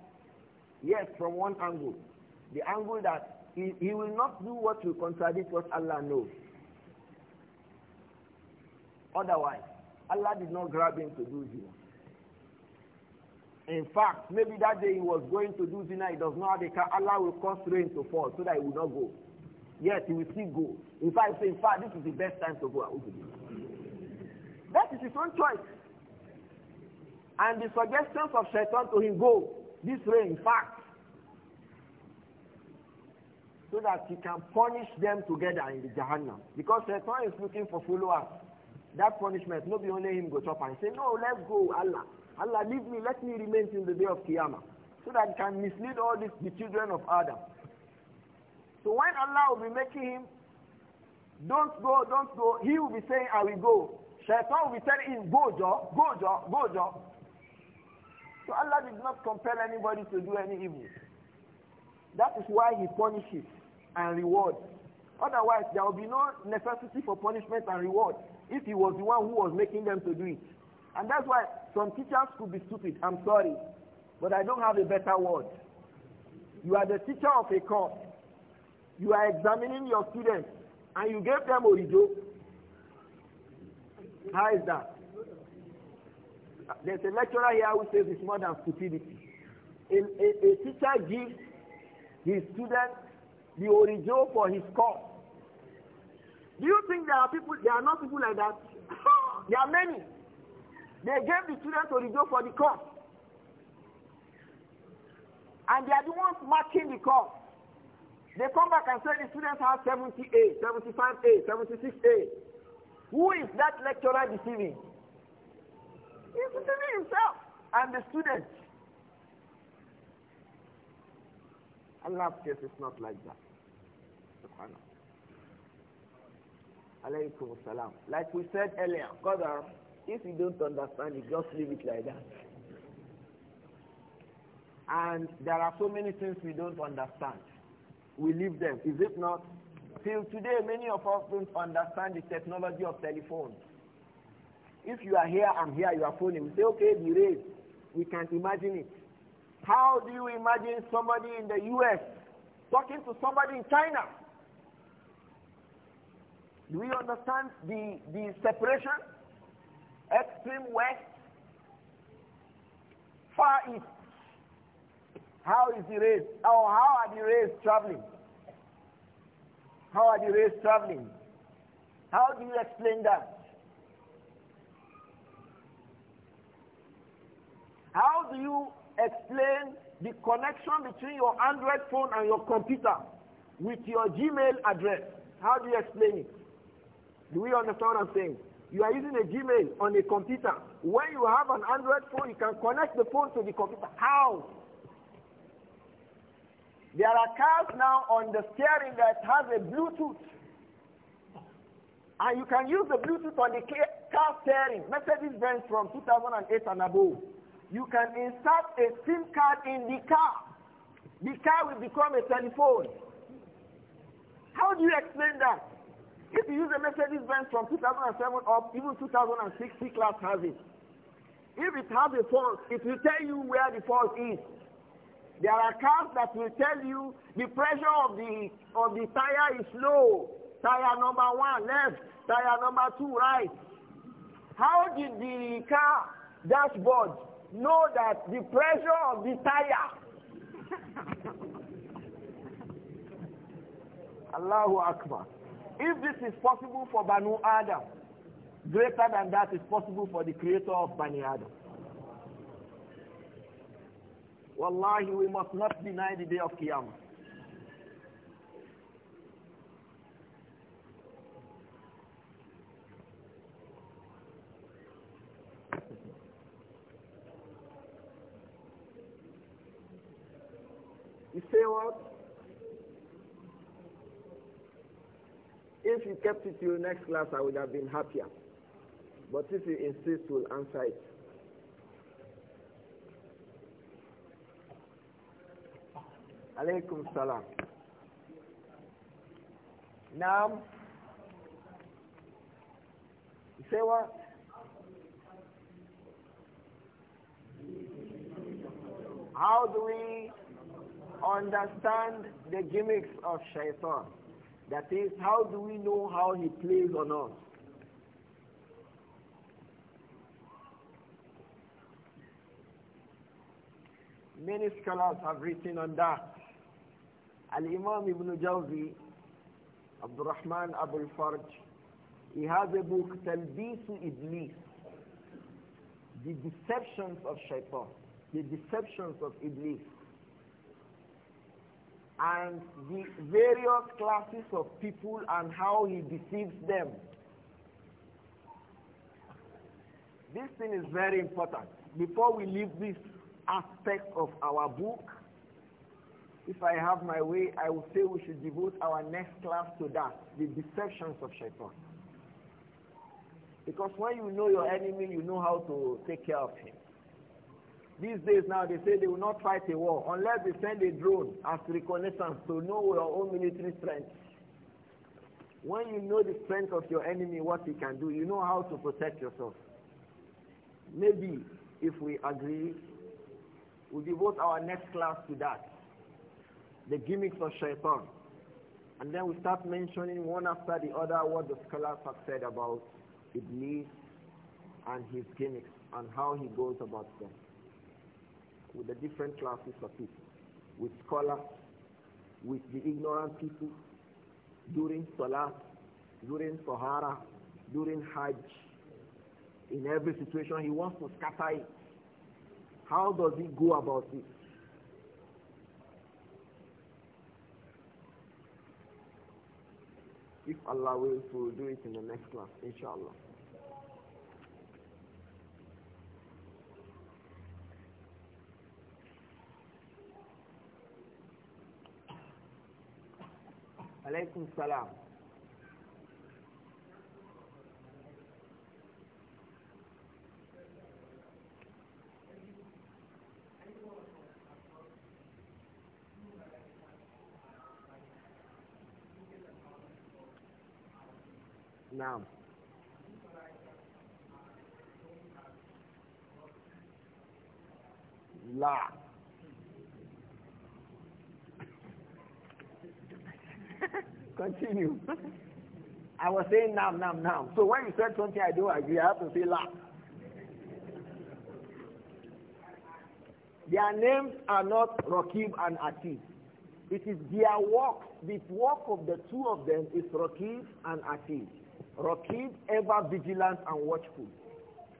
Yes, from one angle. The angle that he, he will not do what will contradict what Allah knows. Otherwise, Allah did not grab him to do zina. In fact, maybe that day he was going to do zina, he does not have a car, Allah will cause rain to fall so that he will not go. Yet he will still go. In fact, say, in fact, this is the best time to go out. That is his own choice. And the suggestions of Shaitan to him, go this way, in fact, so that he can punish them together in the Jahannam. Because Shaitan is looking for followers. That punishment, not be only him go chop and say, no, let's go, Allah. Allah, leave me, let me remain till the day of Qiyamah. So that he can mislead all these, the children of Adam. So when Allah will be making him, don't go, don't go, he will be saying, I will go. Shaitan will be telling him, go, job, go, job, go, job. So Allah did not compel anybody to do any evil. That is why he punishes and rewards. Otherwise, there will be no necessity for punishment and reward if he was the one who was making them to do it. And that's why some teachers could be stupid. I'm sorry, but I don't have a better word. You are the teacher of a course. You are examining your students and you gave them orijo. How is that? There's a lecturer here who says it's more than stupidity. A, a, a teacher gives his students the orijo for his course. Do you think there are people, there are not people like that? there are many. They gave the students orijo for the course. And they are the ones marking the course. They come back and say the students have 78, 75A, 76A. Who is that lecturer deceiving? He's deceiving himself and the students. Allah's case is not like that. Subhanallah. Alaykum salam. Like we said earlier, Qadar, if you don't understand it, just leave it like that. And there are so many things we don't understand we leave them. Is it not? Till today, many of us don't understand the technology of telephones. If you are here, I'm here, you are phoning. We say, okay, the We can't imagine it. How do you imagine somebody in the U.S. talking to somebody in China? Do we understand the, the separation? Extreme West, Far East, how is the race? Or how are the race traveling? How are the race traveling? How do you explain that? How do you explain the connection between your Android phone and your computer with your Gmail address? How do you explain it? Do we understand what I'm saying? You are using a Gmail on a computer. When you have an Android phone, you can connect the phone to the computer. How? There are cars now on the steering that has a Bluetooth. And you can use the Bluetooth on the car steering. Mercedes-Benz from 2008 and above. You can insert a SIM card in the car. The car will become a telephone. How do you explain that? If you use a Mercedes-Benz from 2007 up, even 2006 C-Class has it. If it has a fault, it will tell you where the fault is. There are cars that will tell you the pressure of the of the tire is low. Tire number one left, tire number two right. How did the car dashboard know that the pressure of the tire? Allahu Akbar. If this is possible for Banu Adam, greater than that is possible for the creator of Bani Adam. Wallahi, we must not deny the day of Qiyamah. You say what? If you kept it to your next class, I would have been happier. But if you insist, we'll answer it. Alaykum salam. Now, you say what? How do we understand the gimmicks of shaitan? That is, how do we know how he plays on us? Many scholars have written on that. Al-Imam Ibn Jawzi, Abdurrahman Abu Abul he has a book, Talbisu The Deceptions of Shaitan, The Deceptions of Iblis, and the various classes of people and how he deceives them. This thing is very important. Before we leave this aspect of our book, if I have my way, I would say we should devote our next class to that, the deceptions of shaitan. Because when you know your enemy, you know how to take care of him. These days now, they say they will not fight a war unless they send a drone as reconnaissance to know your own military strength. When you know the strength of your enemy, what he can do, you know how to protect yourself. Maybe if we agree, we we'll devote our next class to that the gimmicks of shaitan. And then we start mentioning one after the other what the scholars have said about Iblis and his gimmicks and how he goes about them with the different classes of people, with scholars, with the ignorant people, during Salah, during Sahara, during Hajj. In every situation, he wants to scatter it. How does he go about it? if Allah wills, we'll do it in the next class, inshallah. Alaykum salam. نعم لا Continue. I was saying now, now, now. So when you said something I don't agree, I have to say la. Their names are not Rakib and Atif. It is their work. The work of the two of them is Rakib and Atif. Rakib, ever vigilant and watchful.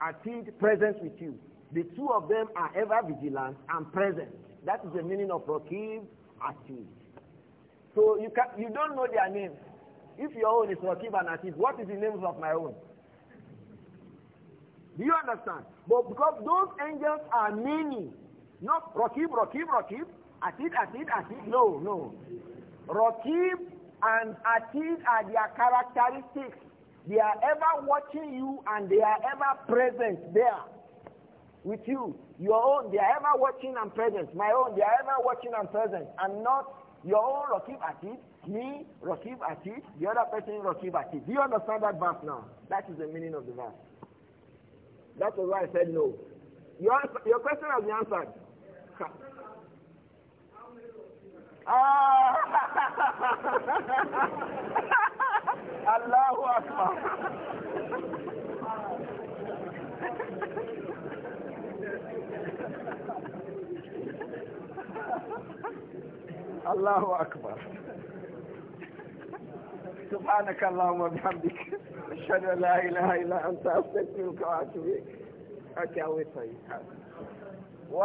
Atid, present with you. The two of them are ever vigilant and present. That is the meaning of Rakib, Atid. So you, can, you don't know their names. If your own is Rakib and Atid, what is the names of my own? Do you understand? But because those angels are many, not Rakib, Rakib, Rakib, Atid, Atid, Atid, no, no. Rakib and Atid are their characteristics. They are ever watching you and they are ever present there with you. Your own, they are ever watching and present. My own, they are ever watching and present. And not your own Rakib Atid, me, Rakib Atid, the other person Rakib Atid. Do you understand that verse now? That is the meaning of the verse. That is why I said no. Your, your question has been answered. Ah! الله أكبر الله أكبر سبحانك اللهم وبحمدك أشهد أن لا إله إلا أنت أستغفرك وأتوب إليك أتعوي طيب